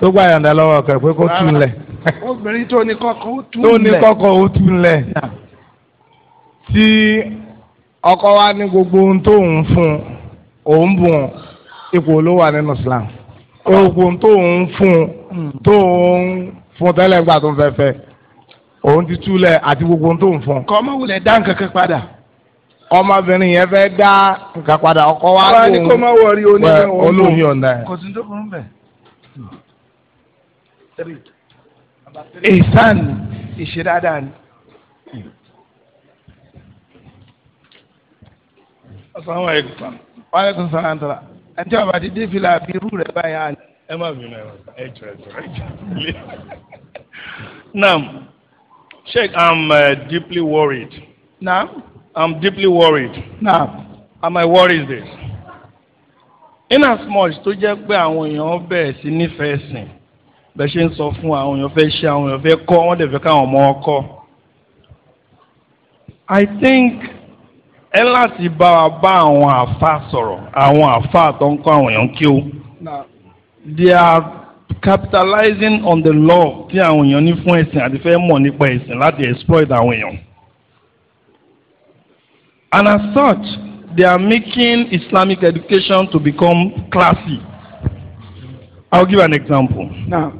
tó gba ìyọ̀ǹda lọ́wọ́ ọkọ ẹ̀ pé kó tù lẹ̀ obìnrin tó ní kọ́kọ́ ó tún lẹ̀. tó ní kọ́kọ́ ó tún lẹ̀. tí ọkọ wa ní gbogbo ohun tó ń fún òun bùn ipò ló wà nínú Islam oògùn ah. tó ń fún hmm. tó ń fún tẹ́lẹ̀ gbà tó ń fẹ́ òun ti túlẹ̀ àti gbogbo ohun tó ń fún. kọ́mọ wulẹ̀ dá nǹkan kan padà ọmọbìnrin yẹn fẹ́ dá nǹkan padà ọkọ wa lóhùn ní kó má wọrí oníyàn kò sí ní tó burú bẹ́ẹ̀ ihsan ìṣe ni. asalaamu alaykum wa alaykum salaam tala àti àwọn àti défìlà àbí irú rẹ̀ báyà ni. ẹ má bínú ẹ ẹ jọ ẹ jọ ẹ jọ ilé. naam sheikh i'm uh, deeply worried. naam. i'm deeply worried. naam. and my worry is this. in as much tó jẹ́ pé àwọn èèyàn bẹ̀rẹ̀ sí nífẹ̀ẹ́ sìn bẹ ṣe ń sọ fún àwọn èèyàn fẹ́ ṣe àwọn èèyàn fẹ́ kọ́ wọ́n dẹ̀ fẹ́ káwọn ọmọ ọkọ́. I think ẹ láti bá wa bá àwọn àfa sọ̀rọ̀ àwọn àfa tó ń kọ́ àwọn èèyàn kí o. They are capitalizing on the love tí àwọn èèyàn ní fún ẹ̀sìn àti fẹ́ mọ̀ nípa ẹ̀sìn láti exploit àwọn èèyàn. And as such, they are making Islamic education to become classy. I'll give an example. Now,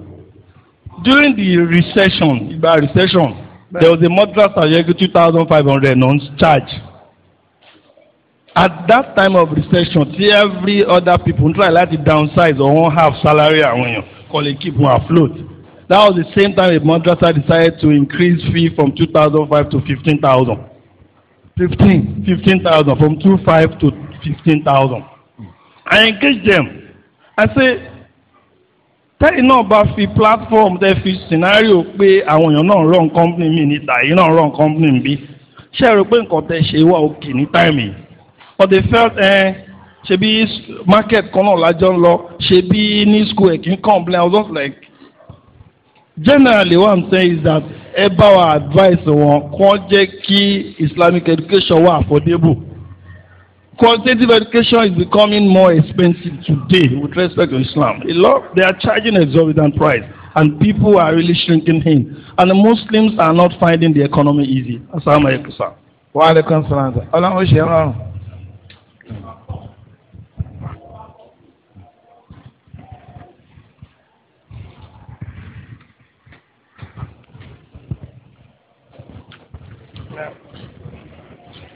during the recession ìgbà recession there was a madrasa yege two thousand five hundred non charge at that time of recession tí every other people n try láti downsize or one half salary àwọn èèyàn kò lè keep wọn afloat that was the same time a madrasa decided to increase fee from two thousand five to fifteen thousand fifteen fifteen thousand from two five to fifteen thousand I engaged them I say tẹ́yìn náà bá fi platform tẹ́ fi scenario pé àwọn èèyàn náà run company mi níta èyí náà run company mi bí ṣe rò pé nǹkan tẹ́ ṣe wà òkè ní táìmì but they felt eh, ṣe bí market kan náà lájọ ń lọ ṣe bí ní school ẹ̀ kì í complain I was just like generally what i'm saying is that ẹ bá wa advice wọn kó jẹ́ kí islamic education wà affordable quantitative education is becoming more expensive today with respect to Islam. A lot they are charging exorbitant price, and people are really shrinking in. And the Muslims are not finding the economy easy. Assalamu alaikum. Wa alaikum salam.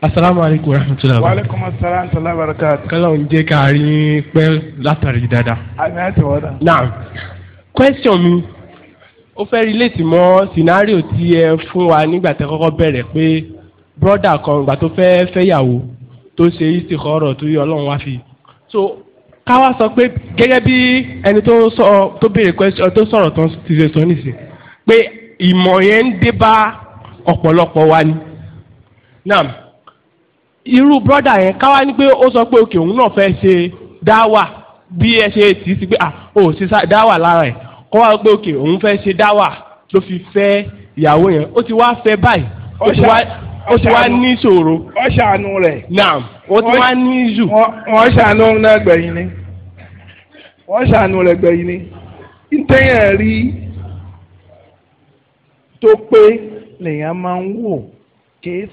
asalaamualeykum wa rahmatulah. wa aleykum asalaam salaam wa rahmatulah. kálọ̀ ń jẹ́ ká rí pẹ́ látàrí dáadáa. àmì àti wọ́dà. naam question mi ó fẹ́ relate mọ́ scenario tí ẹ fún wa nígbà tẹ́ kọ́kọ́ bẹ̀rẹ̀ pé brother kan to tó fẹ́ fẹ́yàwó tó ṣe istikọrọ to yẹ Ọlọ́run wá fi so ká wá sọ pé gẹ́gẹ́ bí ẹni tó sọ tó béèrè question tó sọ̀rọ̀ tán ti ṣe sọ nìsín pé ìmọ̀ yẹn ń dé bá ọ̀pọ̀lọpọ̀ wa ni naam irú brọ́dà yẹn káwá ní pé ó sọ pé òkè òun náà fẹ́ ṣe dáwà bí ẹ ṣe tì í sí pé à ó ṣe dáwà lára ẹ̀ kọ́ wá pé òkè òun fẹ́ ṣe dáwà ló fi fẹ́ ìyàwó yẹn ó ti wá fẹ́ báyìí ó ti wá ní ìṣòro. ó ṣàánú rẹ̀. naam ó ti wá ní ìṣù. wọ́n ṣàánú náà gbẹ̀yìn ni wọ́n ṣàánú rẹ̀ gbẹ̀yìn ni ntẹ́yìn rí tó pé lèèyàn máa ń wò kì í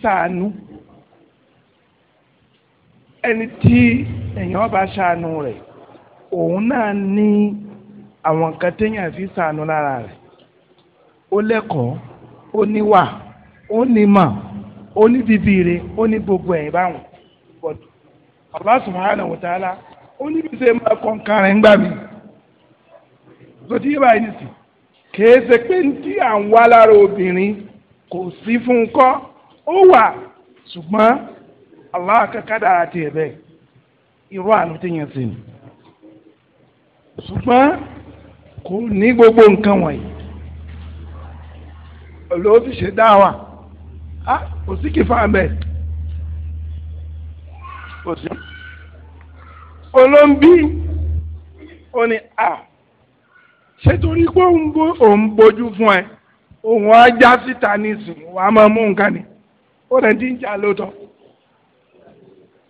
ẹni tí èèyàn bá ṣàánú rẹ̀ òun náà ní àwọn nǹkan téèyàn fi ṣàánú lára rẹ̀ ó lẹ́kọ̀ọ́ ó níwà ó nímọ̀ ó ní bíbíire ó ní gbogbo ẹ̀yìn báwọn Allah subhanahu wa ta'ala ó ní bí ṣe máa kọ́ nǹkan rẹ̀ ń gbà mí sọtí yóò báyìí nìsí kèé ṣe pé tí à ń wá lára obìnrin kò sí fún un kọ́ ó wà ṣùgbọ́n Allah kankan dára tiẹ̀ bẹ́ẹ̀ irú àánú tí yẹn sìn ṣùgbọ́n kò ní gbogbo nǹkan wọ̀nyí olówó fi ṣe dáwà á kò sí kí fáwọn bẹ́ẹ̀ kò sí olóńbí ó ní à ṣé torí o òun bójú fún ẹ òun á já síta nísìnyí wàá máa mú nǹkan ni ó rẹ̀ ti ń jà lóòótọ́.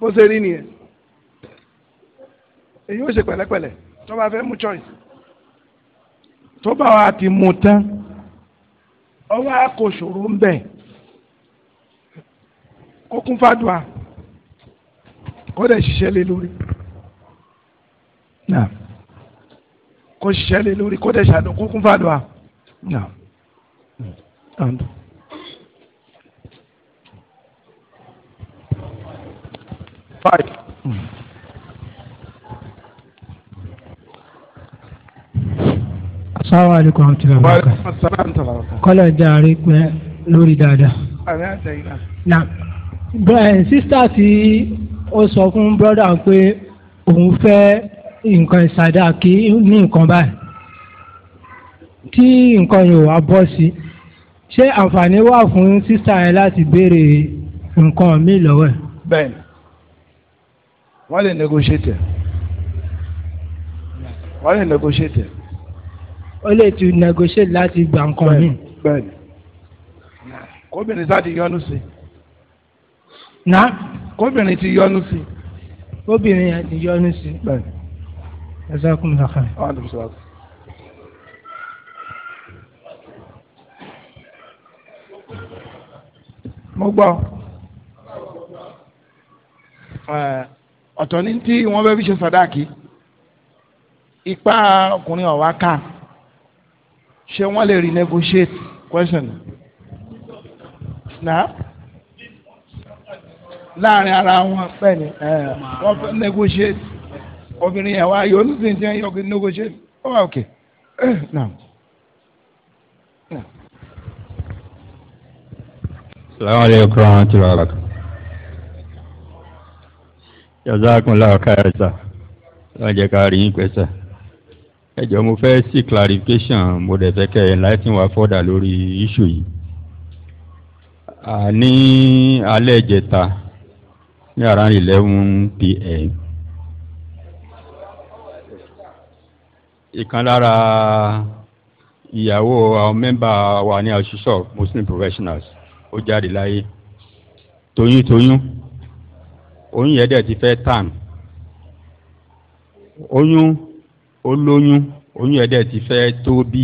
bó ṣe rí nìyẹn èyí ó ṣe pẹ̀lẹ́pẹ̀lẹ́ tó bá fẹ́ mú choice tó bá wa ti mú tán ọwọ́ àkóṣòro ń bẹ̀ kó kún fàdùà kó dẹ̀ ṣiṣẹ́ lé lórí kó ṣiṣẹ́ lé lórí kó dẹ̀ ṣàdùn kó kún fàdùà. No. Mm. And. five. asalaamu alaykum wa rahmatulahi wa barakatuh. kọ́lọ̀ jàre pẹ́ lórí dáadáa. na eh, sísítà tí ó sọ fún brọ́dà pé òun fẹ́ nǹkan ìsàdá kí ní nǹkan báyìí tí nǹkan yóò wá bọ́ sí ṣé àǹfààní wà fún sísítà yẹn láti béèrè nǹkan mi lọ́wọ́ ẹ̀. bẹ́ẹ̀ni wọ́n lè negotiate wọ́n lè negotiate. ó lè ti negotiate láti gba nǹkan mi. bẹ́ẹ̀ni kóbìnrin sáà ti yọnu sí. na. kóbìnrin ti yọnu sí. kóbìnrin yẹn ti yọnu sí. bẹ́ẹ̀ni. ẹ sọ kún mi kàkà. ọ̀hún ṣe wá. mo gbọ́ ọ̀tọ̀ ní tí wọ́n bẹ́ẹ̀ fi ṣe sàdáàkì ipa ọkùnrin ọ̀wá ká ṣé wọ́n lè renegotiate question na láàrin ara wọn bẹ́ẹ̀ ni wọ́n fẹ́ negotiate obìnrin yẹn wá yóò ní sìn tí wọ́n yọ negotiate ó wà òkè náà. Salaamaleykum wa rahmatulahi wa barakatuh jazakumullahu khairan sà wọ́n jẹ́ ká rí yín pẹ́ ẹ jọ̀ọ́ mo fẹ́ sí clarification mo dẹ̀ fẹ́ kẹ́ enlighten wa further lórí issue yìí ní alẹ́ ìjẹta ní around eleven pm ìkan lára ìyàwó àwọn mẹ́mbà wa ní àṣìṣọ́ muslim professionals ó jáde láyé toyúntoyún. oyún yẹn dẹ̀ ti fẹ́ tàn oyún olóyún oyún yẹn dẹ̀ ti fẹ́ tó bí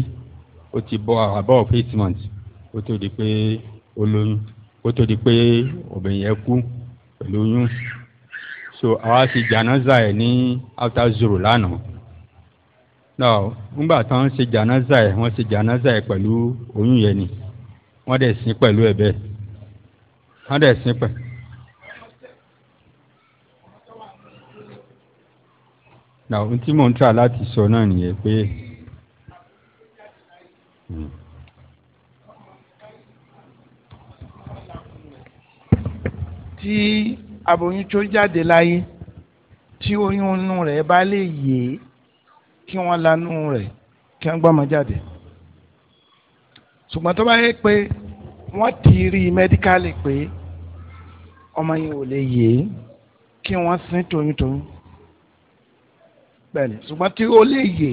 ti bọ́ àbọ̀ eight months tó di pé olóyún tó di pé obìnrin yẹn kú pẹ̀lú oyún so àwa ti jànáza ẹ̀ ní after zero lánàá náà nígbà tí ṣe jànáza ẹ̀ wọ́n ṣe jànáza ẹ̀ pẹ̀lú oyún yẹn ni wọ́n dẹ̀ sin pẹ̀lú ẹ̀ bẹ́ẹ̀ na ohun tí mò ń tà láti sọ náà nìyẹn pé. tí aboyún tó jáde láyé tí oyún inú rẹ̀ bá lè yè é kí wọ́n lanú rẹ̀ kí wọ́n gbọ́mọ jáde ṣùgbọ́n tó bá yẹ pé wọ́n ti rí i pé ọmọ yẹn ò lè yè kí wọ́n sin toyúntoyún bẹ́ẹ̀ni ṣùgbọ́n tí ó lè yè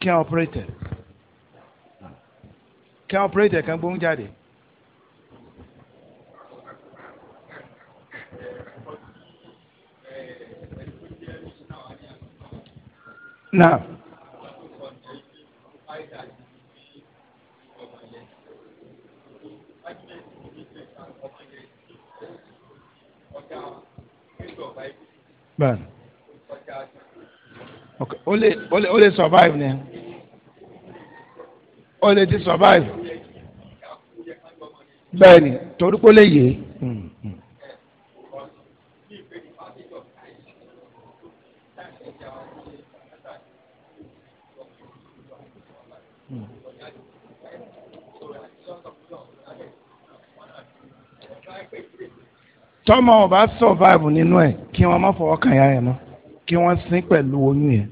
kí á ọpẹrẹtẹ kí á ọpẹrẹtẹ kan gbóhùn jáde. náà. Bẹ́ẹ̀ni ó lè ó survive ni ó lè ti survive bẹ́ẹ̀ ni torí kó lè yé. tọ́mọ ọba survive nínú ẹ̀ kí wọ́n má fọwọ́ kàn yá ẹ̀ mọ́ kí wọ́n sin pẹ̀lú oyún yẹn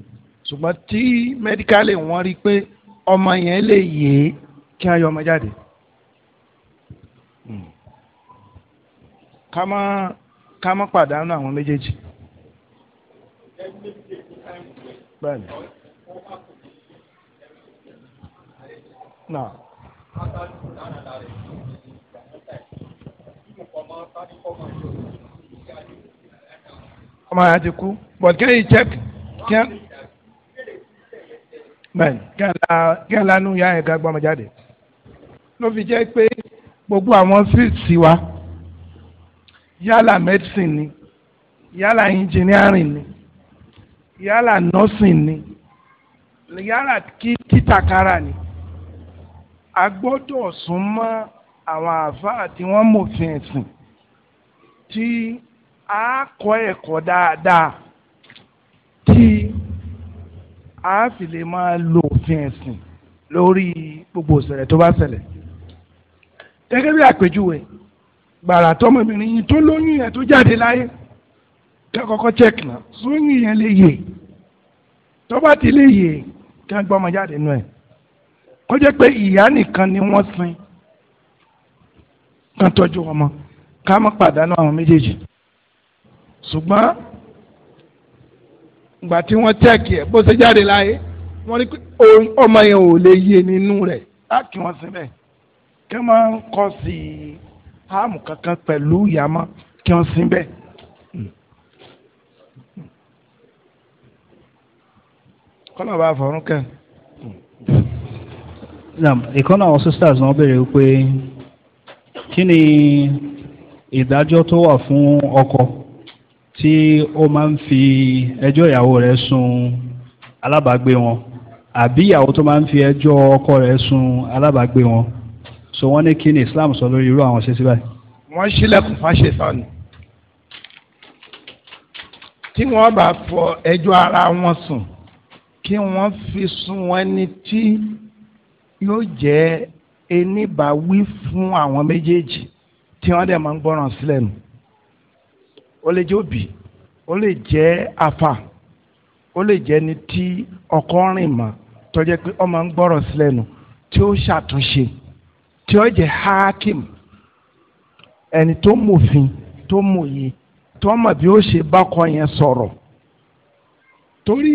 ṣùgbọ́n tí mẹ́díkálì wọ́n rí pé ọmọ yẹn lè yè é kí á yọ ọmọ jáde. Hmm. ká má ká má pàdánù àwọn méjèèjì. bẹ́ẹ̀ni. náà. ọmọ yẹn ti kú bọ̀dé kí lè jẹ́ bẹ́ẹ̀ni kí ẹ lanu ya ẹ̀ka gbọ́mọ jáde ló fi jẹ́ pé gbogbo àwọn fíìsì wa yálà medicine ni yálà engineering ni yálà nursing ni yálà kí títàkárà ni a gbọ́dọ̀ sún mọ́ àwọn àáfàá tí wọ́n mọ̀fin ẹ̀sìn tí a kọ́ ẹ̀kọ́ dáadáa tí a sì lè máa lo òfin ẹ̀sìn lórí gbogbo ìṣẹ̀lẹ̀ tó bá ṣẹlẹ̀ gẹ́gẹ́ bí àpèjúwe gbàrà tọmọbìnrin yìí tó lóyún yẹn tó jáde láyé kẹ́kọ̀ọ́kọ́ check na, sóyún yẹn lè yè tó bá ti lè yè kí wọ́n gbọ́mọ jáde nù ẹ̀ kó jẹ́ pé ìyá nìkan ni wọ́n sin kan tọ́jú ọmọ ká má pàdánù àwọn méjèèjì ṣùgbọ́n ìgbà tí wọ́n tẹ́ẹ̀kì ẹ̀ bó ṣe jáde láyé wọ́n ní ọmọ yẹn ò lè yé nínú rẹ̀ láti wọ́n síbẹ̀ kí wọ́n kọ́ sí háàmù kankan pẹ̀lú ìyàmọ́ kí wọ́n síbẹ̀. kọ́nà bá fọ̀rún kẹ́. ìkọ́nà àwọn sisters náà béèrè pé kí ni ìdájọ́ tó wà fún ọkọ tí ó máa ń fi ẹjọ́ ìyàwó rẹ̀ sun alábàágbé wọn àbí ìyàwó tó máa ń fi ẹjọ́ ọkọ rẹ̀ sun alábàágbé wọn so wọ́n ní kí ni Islam sọ lórí irú àwọn ṣe sí báyìí. wọ́n ṣílẹ̀kùn fáṣẹ sọ́ni tí wọ́n bá fọ ẹjọ́ ara wọn sùn kí wọ́n fi sun ẹni tí yóò jẹ́ eníbàáwí fún àwọn méjèèjì tí wọ́n dẹ̀ máa ń gbọ́ràn sílẹ̀ nù ó lè jẹ́ òbí ó lè jẹ́ afa ó lè jẹ́ ni tí ọkọ rìn mọ́ tó jẹ́ pé ọmọ ń gbọ́rọ̀ sílẹ̀ nù tí ó ṣàtúnṣe tí ó jẹ́ hakim ẹni tó mòfin tó mòye tó mọ̀ bí ó ṣe bákọ yẹn sọ̀rọ̀ torí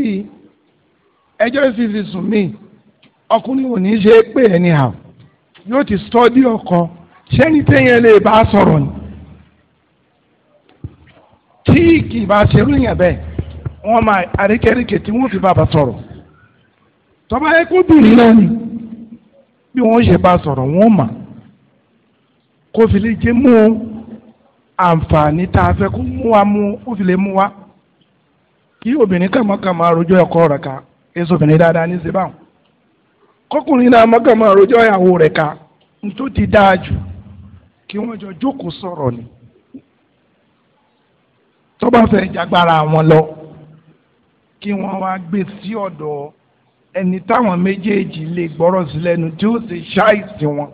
ẹjọ́ ìfìfì sùn mí ọkùnrin ò ní ṣe é pé anyhow yóò ti study ọkọ ṣé ní téèyàn lè bá sọ̀rọ̀ ni tí kì í bá ṣerú yẹn bẹ́ẹ̀ wọ́n máa àríkẹ́ríkẹ́ tí wọ́n fi bàbá sọ̀rọ̀ tọ́ba yẹ kó bìnrin náà ni bí wọ́n ṣe bá sọ̀rọ̀ wọ́n mà kó fi lè jẹ́ mú àǹfààní tá a fẹ́ kó mú wa mú ó fi lè mú wa kí obìnrin kàmọ́kàmọ́ àròjọ ẹ̀kọ́ rẹ̀ ká èso obìnrin dáadáa ní sèbáwọn kọkùnrin náà mọ́kànmọ́ àròjọ ìyàwó rẹ̀ ká nítorí ti dáa jù kí wọ́n jọ jókòó sọ̀rọ̀ ni tó bá fẹ́ jagbára wọn lọ kí wọ́n wá gbé sí ọ̀dọ̀ ẹni táwọn méjèèjì lè gbọ́rọ̀ sí lẹ́nu tí ó sì ṣáìsì wọn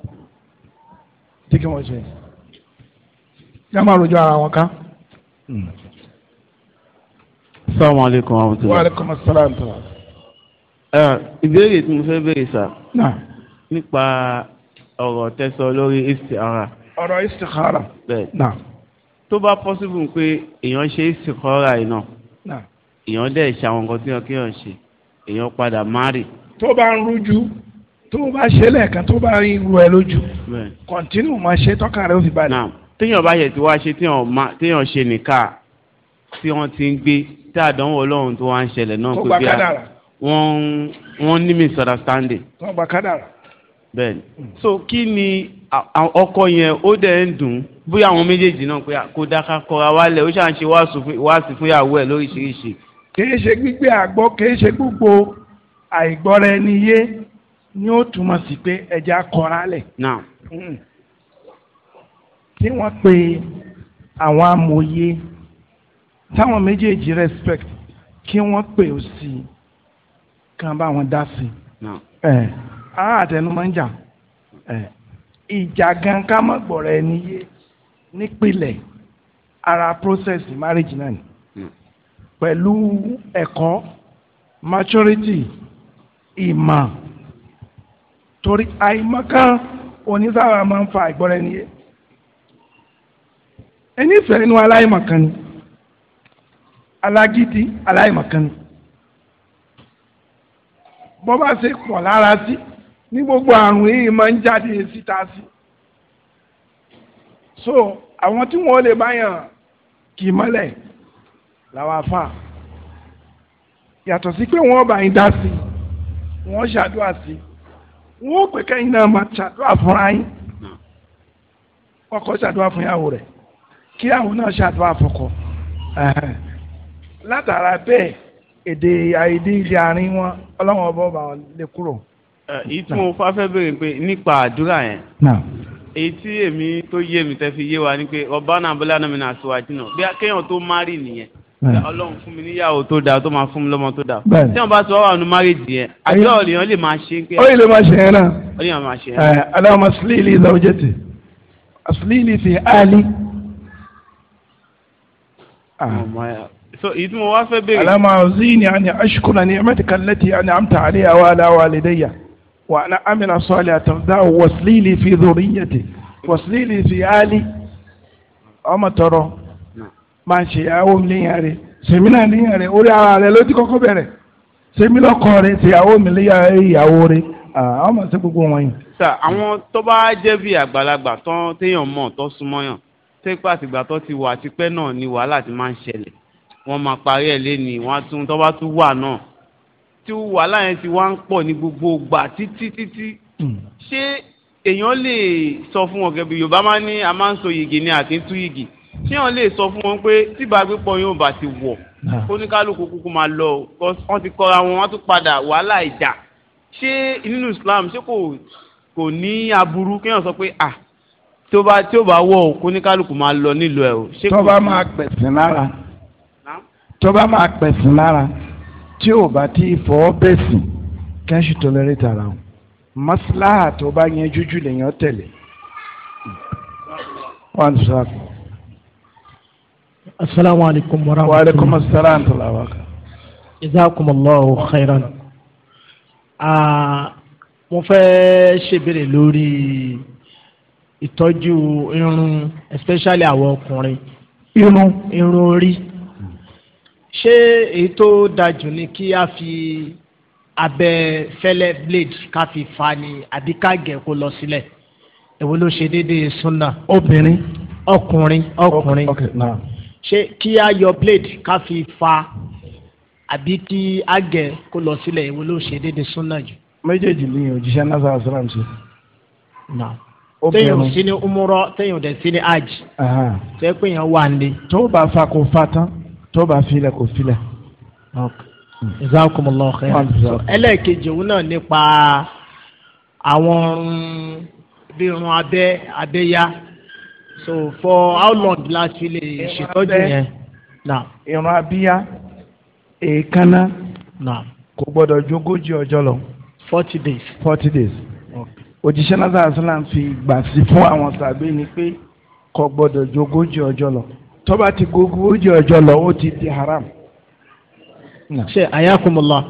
tí kí wọ́n ṣe yá máa rojọ́ ara wọn ká. Hmm. Assalamu alaikum wa rahmatullahi. Wa alaikum ìbéèrè tí mo fẹ́ béèrè sá nípa ọ̀rọ̀ tẹ́sán lórí istikhara. ọ̀rọ̀ istikhara. bẹ́ẹ̀ náà tó bá possible pé èèyàn ṣe é sì kọ́ra ẹ̀ náà èèyàn dẹ̀ ṣe àwọn nǹkan tí wọn kí wọn ṣe èèyàn padà márì. tó bá ń rújú tó bá ṣe lẹ́ẹ̀kan tó bá rí irú ẹ lójú kọ̀ntínú máa ṣe tọ́ka rẹ ó fi balẹ̀. téèyàn bá yẹ ti wá ṣe téèyàn ṣe nìka tí wọ́n ti ń gbé tá àdánwò ọlọ́run tó wá ń ṣẹlẹ̀ náà tó bí a wọ́n ní misunderstanding. wọ́n kádàrà. bẹ́ẹ̀ni hmm. so kí ni ọkọ yẹn ó dẹ̀ ń dùn ún bóyá àwọn méjèèjì náà pé kó dáká kọra wálẹ̀ ó ṣàǹṣe wáàsí fún ìyàwó ẹ̀ lóríṣiríṣi. kìí ṣe gbígbé àgbọ́ kìí ṣe gbogbo àìgbọ́ra ẹni yé ni ó túmọ̀ sí pé ẹja kọra lẹ̀. Hmm. tí wọ́n pe àwọn amòye táwọn méjèèjì respect kí wọ́n pè ó sí i kàn bá wọn dá sí i. àtẹnumọ́ ń jà ìjà gan ká mọ̀ gbọ́ra ẹni yé nípìnlẹ̀ ara process marriage náà ni hmm. pẹ̀lú ẹ̀kọ́ maturity ìmọ̀ torí àìmọ̀kan oníṣàwà máa ń fa àìgbọ́ra ẹni yé ẹni ìfẹ́ inú aláìmọ̀kan ni alágídí aláìmọ̀kan ni bọ́ bá ṣe pọ̀ lára sí ní gbogbo àrùn yìí máa ń jáde síta sí. Si so àwọn tí wọ́n lè báyàn kì í mọ́lẹ̀ làwọn afa yàtọ̀ sí pé wọ́n bá yín dá sí wọ́n ṣàdúrà sí wọ́n ó pè kẹ́yìn náà máa ṣàdúrà fúnra yín kọ́kọ́ ṣàdúrà fún ìyàwó rẹ̀ kí àwọn náà ṣàdúrà fọkọ látara bẹ́ẹ̀ èdè àìdí ilé àárín wọn ọlọ́wọ́n ọba ọba lè kúrò. ìtumọ̀ fáfẹ́ bèrè pé nípa àdúrà yẹn èyí tí èmi tó yé mi tẹ́ fi yé wa ni pé ọba náà bọ́lá náà mi náà sọ àti náà bí akéèyàn tó márì nìyẹn ọlọ́run fún mi níyàwó tó dáa tó máa fún mi lọ́mọ tó dáa tí wọ́n bá sọ wà nù márìjì yẹn àdúrà ọ̀lẹ́yìn lè máa ṣe ó lè máa ṣe yẹn náà. ó yìí máa ṣe yẹn. aláwọ̀ ah. oh so èyí tí mo wá fẹ́ aláwọ̀ ni ẹ̀mẹ́tìkà lẹ́tì aláwọ̀ وأنا أمن صالحة ذا وسليلي في ذريتي وسليلي في آلي ọmọ tọrọ máa ṣe ìyàwó mi léyìn rẹ sèmi náà léyìn rẹ orí ara rẹ ló ti kọ́kọ́ bẹ̀rẹ̀ sèmi lọ́kọ rẹ ṣèyàwó mi léyìn ìyàwó rẹ ọmọ sí gbogbo wọn yìí. sà àwọn tó bá jẹ́ bí àgbàlagbà tán téèyàn mọ̀ tó súnmọ́ yàn tẹ́pẹ́ àtìgbà tó ti wà tipẹ́ náà ni wàhálà ti máa ń ṣẹlẹ̀ wọ́n máa parí ẹ̀ lẹ́ni wọ́n á tún tó bá tún wà náà tí wàhálà yẹn ti wá ń pọ̀ ní gbogbo gbà títí títí hmm. ṣé èèyàn lè sọ fún wọn gẹ́gẹ́ Yorùbá máa ní a máa ń so yìgì ni àti ń tú yìgì ṣé wọn lè sọ fún wọn pé tí ìbágbépọ̀ yóò bá ti wọ̀ oníkálukú kúkú máa lọ wọn ti kọra wọn wọn tún padà wàhálà ìjà ṣé nínú Islam ṣé kò kò ní aburú kéèyàn sọ pé ah tí ó bá tí ó bá wọ̀ oníkálukú máa lọ nílò ẹ̀ o. tó bá máa pẹ̀sìn lára tó bá máa pẹ̀sìn lára tí ò bá ti fọ́ bẹ́sìn kí wọ́n sì tolerate ara wọn maslaha tó bá yẹn jújù lèèyàn tẹ̀lé. asalaamu alaykum wa rahmatulah. wa aleykum asalaam khairan. mo fẹ́ ṣèbéèrè lórí ìtọ́jú irun especially àwọn ọkùnrin. irun irun orí ṣé èyí tó dájú ni kí a fi abẹ fẹlẹ blade ká fi fa ni àbí ká gẹ kó lọ sílẹ̀ èwo ló ṣe déédéé súnà. obìnrin. ọkùnrin ọkùnrin ṣé kí a yọ blade ká fi fa àbí kí a gẹ kó lọ sílẹ̀ èwo ló ṣe déédéé súnà jù. méjèèjì ni òjíṣẹ́ náà sára sílẹ̀ ṣe. téèyàn sí ní umrọ téèyàn dẹ̀ sí ní hajj. tẹ́ pé èèyàn wà nílé. tó bá fa kó fa tán tó bá filẹ̀ kò filẹ̀. jazakumullahu khairan. ẹlẹ́ẹ̀kejì òun náà nípa àwọn ọrùn bí irun abẹ́ abẹ́yá so for how long la ti lè ṣètọ́jú yẹn. irun abíyá èékánná kò gbọ́dọ̀ ju ogójì ọjọ́ lọ. forty days. forty days. òjíṣẹ́ náà sàlám fi gbà sí fún àwọn sàbẹ̀ ni pé kò gbọ́dọ̀ ju ogójì ọjọ́ lọ tọ́ba ti gbogbo oúnjẹ ọjọ́ lọ ó ti di haram. ṣe ayakumullah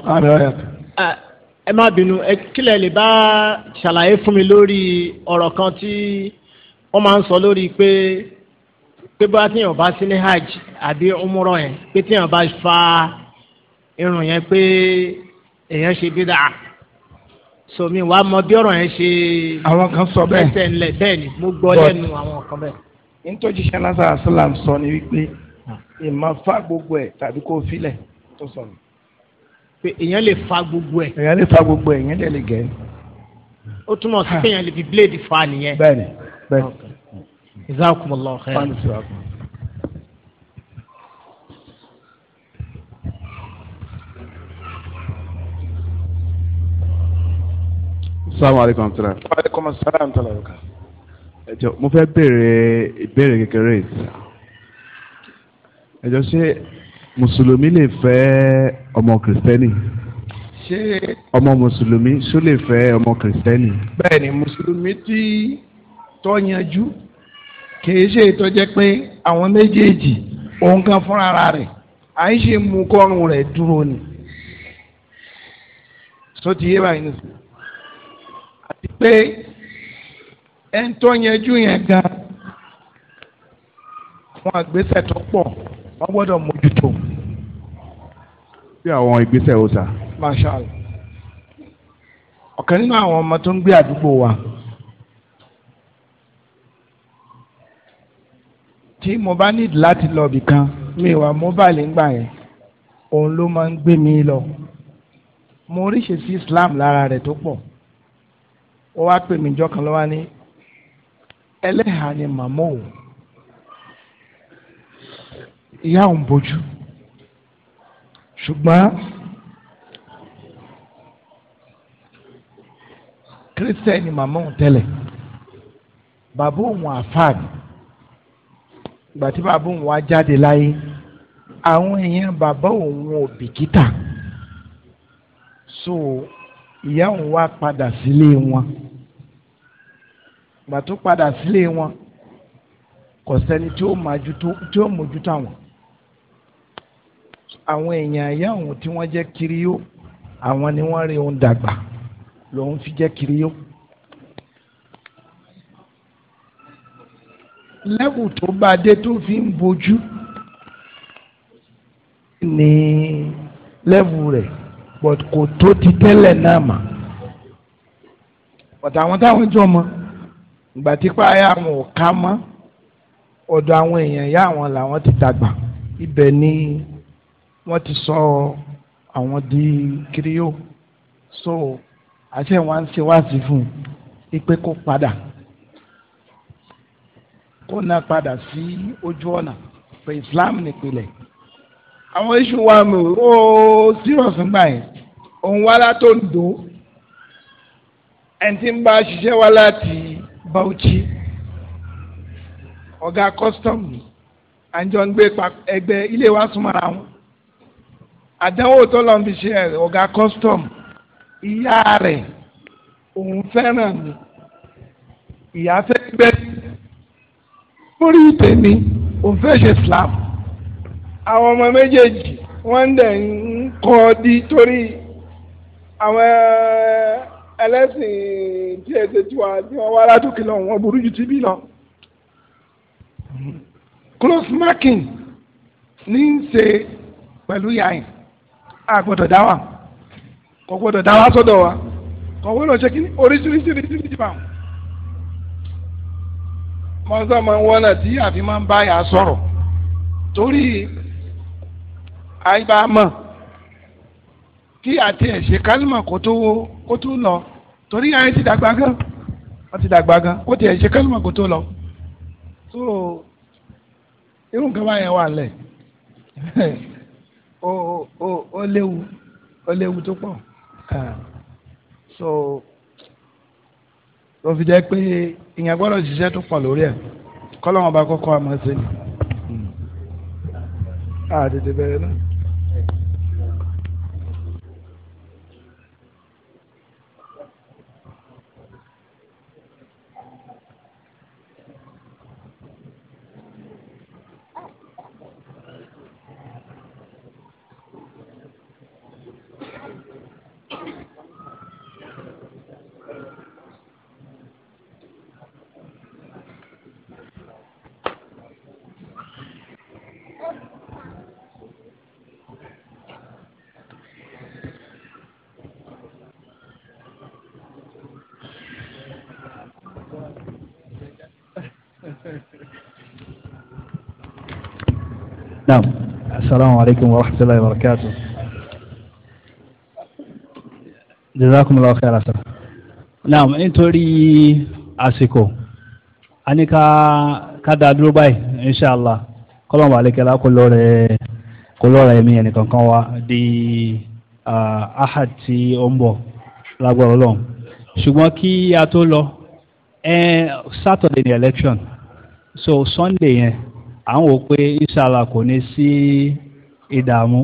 ẹ má bínú ẹ kílẹ̀ lè bá ṣàlàyé fún mi lórí ọ̀rọ̀ kan tí wọ́n máa ń sọ lórí pé pé bá tíyàn bá sí ní hajj àbí umrọ yẹn pé tíyàn bá fa irun yẹn pé èèyàn ṣe bí dáa sọmi wàá mọ bí ọ̀rọ̀ yẹn ṣe. àwọn kan sọ bẹ́ẹ̀ bẹ́ẹ̀ ni mo gbọ́ lẹ́nu àwọn kan bẹ́ẹ̀ nítòjíṣẹ́ lásán asalaam sọ ni wípé ìmọ̀ ah. fa gbogbo ẹ̀ tàbí kó filẹ̀ tó sọ ni. pé èèyàn lè fa gbogbo ẹ̀. èèyàn lè fa gbogbo ẹ̀ èèyàn dẹ̀ lè gẹ̀ ẹ́. ó túmọ̀ sí kéèyàn lè fi bíléèdì fa nìyẹn. bẹ́ẹ̀ni bẹ́ẹ̀ni. jazakumullahu khairan. salaamaleykum wa rahmatulah. wa rahmatulah ẹjọ mo fẹ́ béèrè ìbéèrè kékeré ìsà ẹjọ ṣé mùsùlùmí lè fẹ́ ọmọ kìrìsìtẹ́nì ṣé ọmọ mùsùlùmí ṣó lè fẹ́ ọmọ kìrìsìtẹ́nì. bẹ́ẹ̀ni mùsùlùmí tí tó yanjú kìí ṣe tó jẹ́ pé àwọn méjèèjì òun kan fúnra rẹ̀ à ń ṣe mú kọrùn rẹ̀ dúró ni sọ ti yé báyìí nìsín àti pé ẹni tó yanjú yẹn gan àwọn àgbésẹ̀ tó pọ̀ wọ́n gbọ́dọ̀ mójútó. bí àwọn ìgbésẹ̀ ó sà. marshal ọ̀kan nínú àwọn ọmọ tó ń gbé àdúgbò wa tí mo bá nídìí láti lọ bìkan mi wà mobile ńgbà yẹn òun ló máa ń gbé mi lọ mo ríṣe Islam lára rẹ̀ tó pọ̀ ó wá pè mí jọ́kan lọ́wọ́ ní ẹlẹ́hàá ni màmá òun ìyá òun bójú ṣùgbọ́n kírísítẹ́nì ni màmá òun tẹ́lẹ̀ bàbá òun àfáàní ìgbà tí bàbá òun wá jáde láyé àwọn èèyàn bàbá òun ò bìkítà so ìyá òun wá padà sílé wọn. Si gbà tó padà sílé wọn kò sẹ́ni tí ó mójútó àwọn àwọn èèyàn ayé àwọn tí wọ́n jẹ́ kiri yó àwọn ni wọ́n rí òun dàgbà lòun fi jẹ́ kiri yó. lẹ́wù tó bá dé tó fi ń bojú ní lẹ́wù rẹ̀ but kò tó ti tẹ́lẹ̀ náà mà. bàtà àwọn táwọn jọ mọ́ ìgbà tí páyà àwọn ò ká mọ́ ọ̀dọ̀ àwọn èèyàn ìyá àwọn làwọn ti dàgbà ibẹ̀ ni wọ́n ti sọ àwọn di kiriyó so àti ẹ̀ wọ́n á ń ṣe wáàsí fún un pé kó padà kó náà padà sí ojú ọ̀nà pé Islam nìpìlẹ̀ àwọn iṣu wa mi ò serious gbà yẹn òun wá látò ń do ẹni tí ń bá ṣiṣẹ́ wá láti. Bauchi ọ̀gá custom ni à ń jọ ń gbé ẹgbẹ́ ilé wa súnmọ́ra wọn àdánwò tó lọ́n fi ṣe ọ̀gá custom ìyá rẹ̀ òun fẹ́ràn mi ìyá fẹ́ gbẹ́ lórí tèmi òun fẹ́ ṣe slap àwọn ọmọ méjèèjì wọ́n dẹ̀ ń kọ́ di torí àwọn ẹlẹ́sìn tí ẹ ṣe tiwa tí wọ́n wá látòkè lọ wọ́n burú ju tibí lọ. close marking ní í ṣe pẹ̀lú yàyìn a gbọ́dọ̀ dá wà kò gbọ́dọ̀ dá wà sọ́dọ̀ wa kò gbọ́dọ̀ ṣe kí oríṣiríṣi oríṣiríṣi bá wọn. mọ́sá máa ń wọ́nà tí àfi máa ń bá yà sọ̀rọ̀ torí àìbá mọ̀ kí àti ẹ̀ṣẹ̀ kálímà kó tó lọ torí ayé ti dàgbà gan wọ́n ti dàgbà gan kó tiẹ̀ ṣe kẹ́lùmọ̀ kó tó lọ so irú nǹkan bá yẹn wà lẹ̀ ó ó ó léwu ó léwu tó pọ̀ ah. so ló fi jẹ́ pé ìyẹn gbọ́dọ̀ ṣiṣẹ́ tó pọ̀ lórí ẹ̀ kọ́lọ́mọba kọ́kọ́ àmọ́ sí ni àdèdè bẹ̀rẹ̀ náà. naam asalaamu alaykum wa rahmatulahi wa barakatu. jazakumullahu khairan sir. naam nítorí àsìkò a ní ká ká dá dúró báyìí inshàlá kọ́lọ́mù àlekẹ́lá kò lọ́ọ̀rẹ́ kò lọ́ọ̀rẹ́ mi ẹnìkan kan wá di ahad tí ó ń bọ̀ lágbára ọlọ́run ṣùgbọ́n kí a tó lọ ẹ sátọ̀dẹ̀ ní election so sunday yẹn. Yeah à ń wò pé inshallah kò ní sí ìdààmú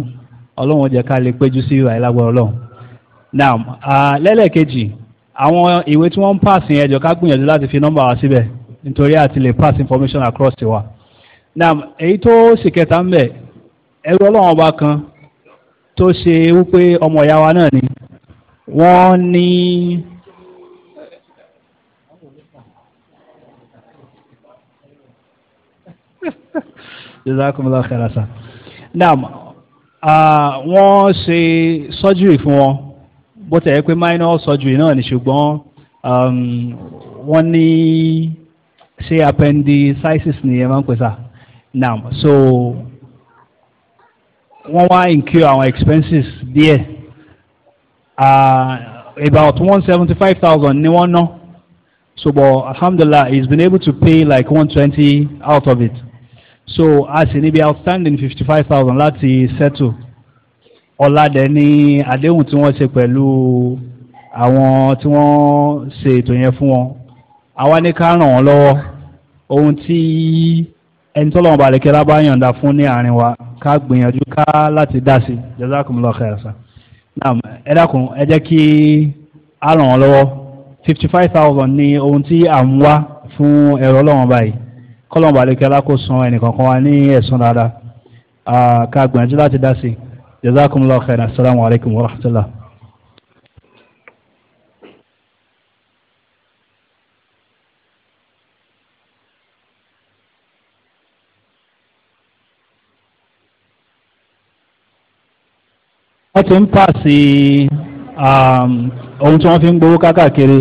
ọlọ́run jẹ́ ká lè péjú sí ìwà ìlágbára ọlọ́run. now lẹ́lẹ̀kejì àwọn ìwé tí wọ́n ń pass yẹn jọ ká gbìyànjú láti fi nọ́mbà wa síbẹ̀ nítorí àti lè pass information across tiwa. now èyí tó sì kẹta ń bẹ̀ ẹrú ọlọ́run ọba kan tó ṣe wípé ọmọ ìyá wa náà ni wọ́n ní. Ni jazakumullah khairan sa naam wọ́n ṣe surgery fún wọn bó tẹ̀ pé minor surgery náà ni ṣùgbọ́n um, wọ́n ní ṣe appendicitis ni ẹ máa ń pè sá naam so wọ́n wá incur our expenses díẹ̀ uh, about one seventy five thousand ni wọ́n ná so but alhamdulillah he's been able to pay like one twenty out of it so a sì níbi outstanding fifty five thousand láti settle ọ̀làdẹ ní àdéhùn tí wọ́n ṣe pẹ̀lú àwọn tí wọ́n ṣe ètò yẹn fún wọn àwa ní ká ràn wọ́n lọ́wọ́ ohun tí ẹni tó lọ́wọ́ balẹ̀ kẹ́lá bá yọ̀ǹda fún ní àárín wa ká gbìyànjú ká láti dá sí jazakumullah khairasa naam ẹ dákun ẹ jẹ́ kí a ràn wọ́n lọ́wọ́ fifty five thousand ní ohun tí à ń wá fún ẹ̀rọ ọlọ́wọ́n báyìí kọ́lọ́mù balẹ̀kẹ́ alákòóso ẹnìkankan wa ní ẹ̀sùn dáadáa ká gbìyànjú láti dá sí jazakumullahu khairan assalamu alaikum wa rahmatullah. wọ́n ti ń pàṣẹ um, ohun tí wọ́n fi ń gbowó kákàkiri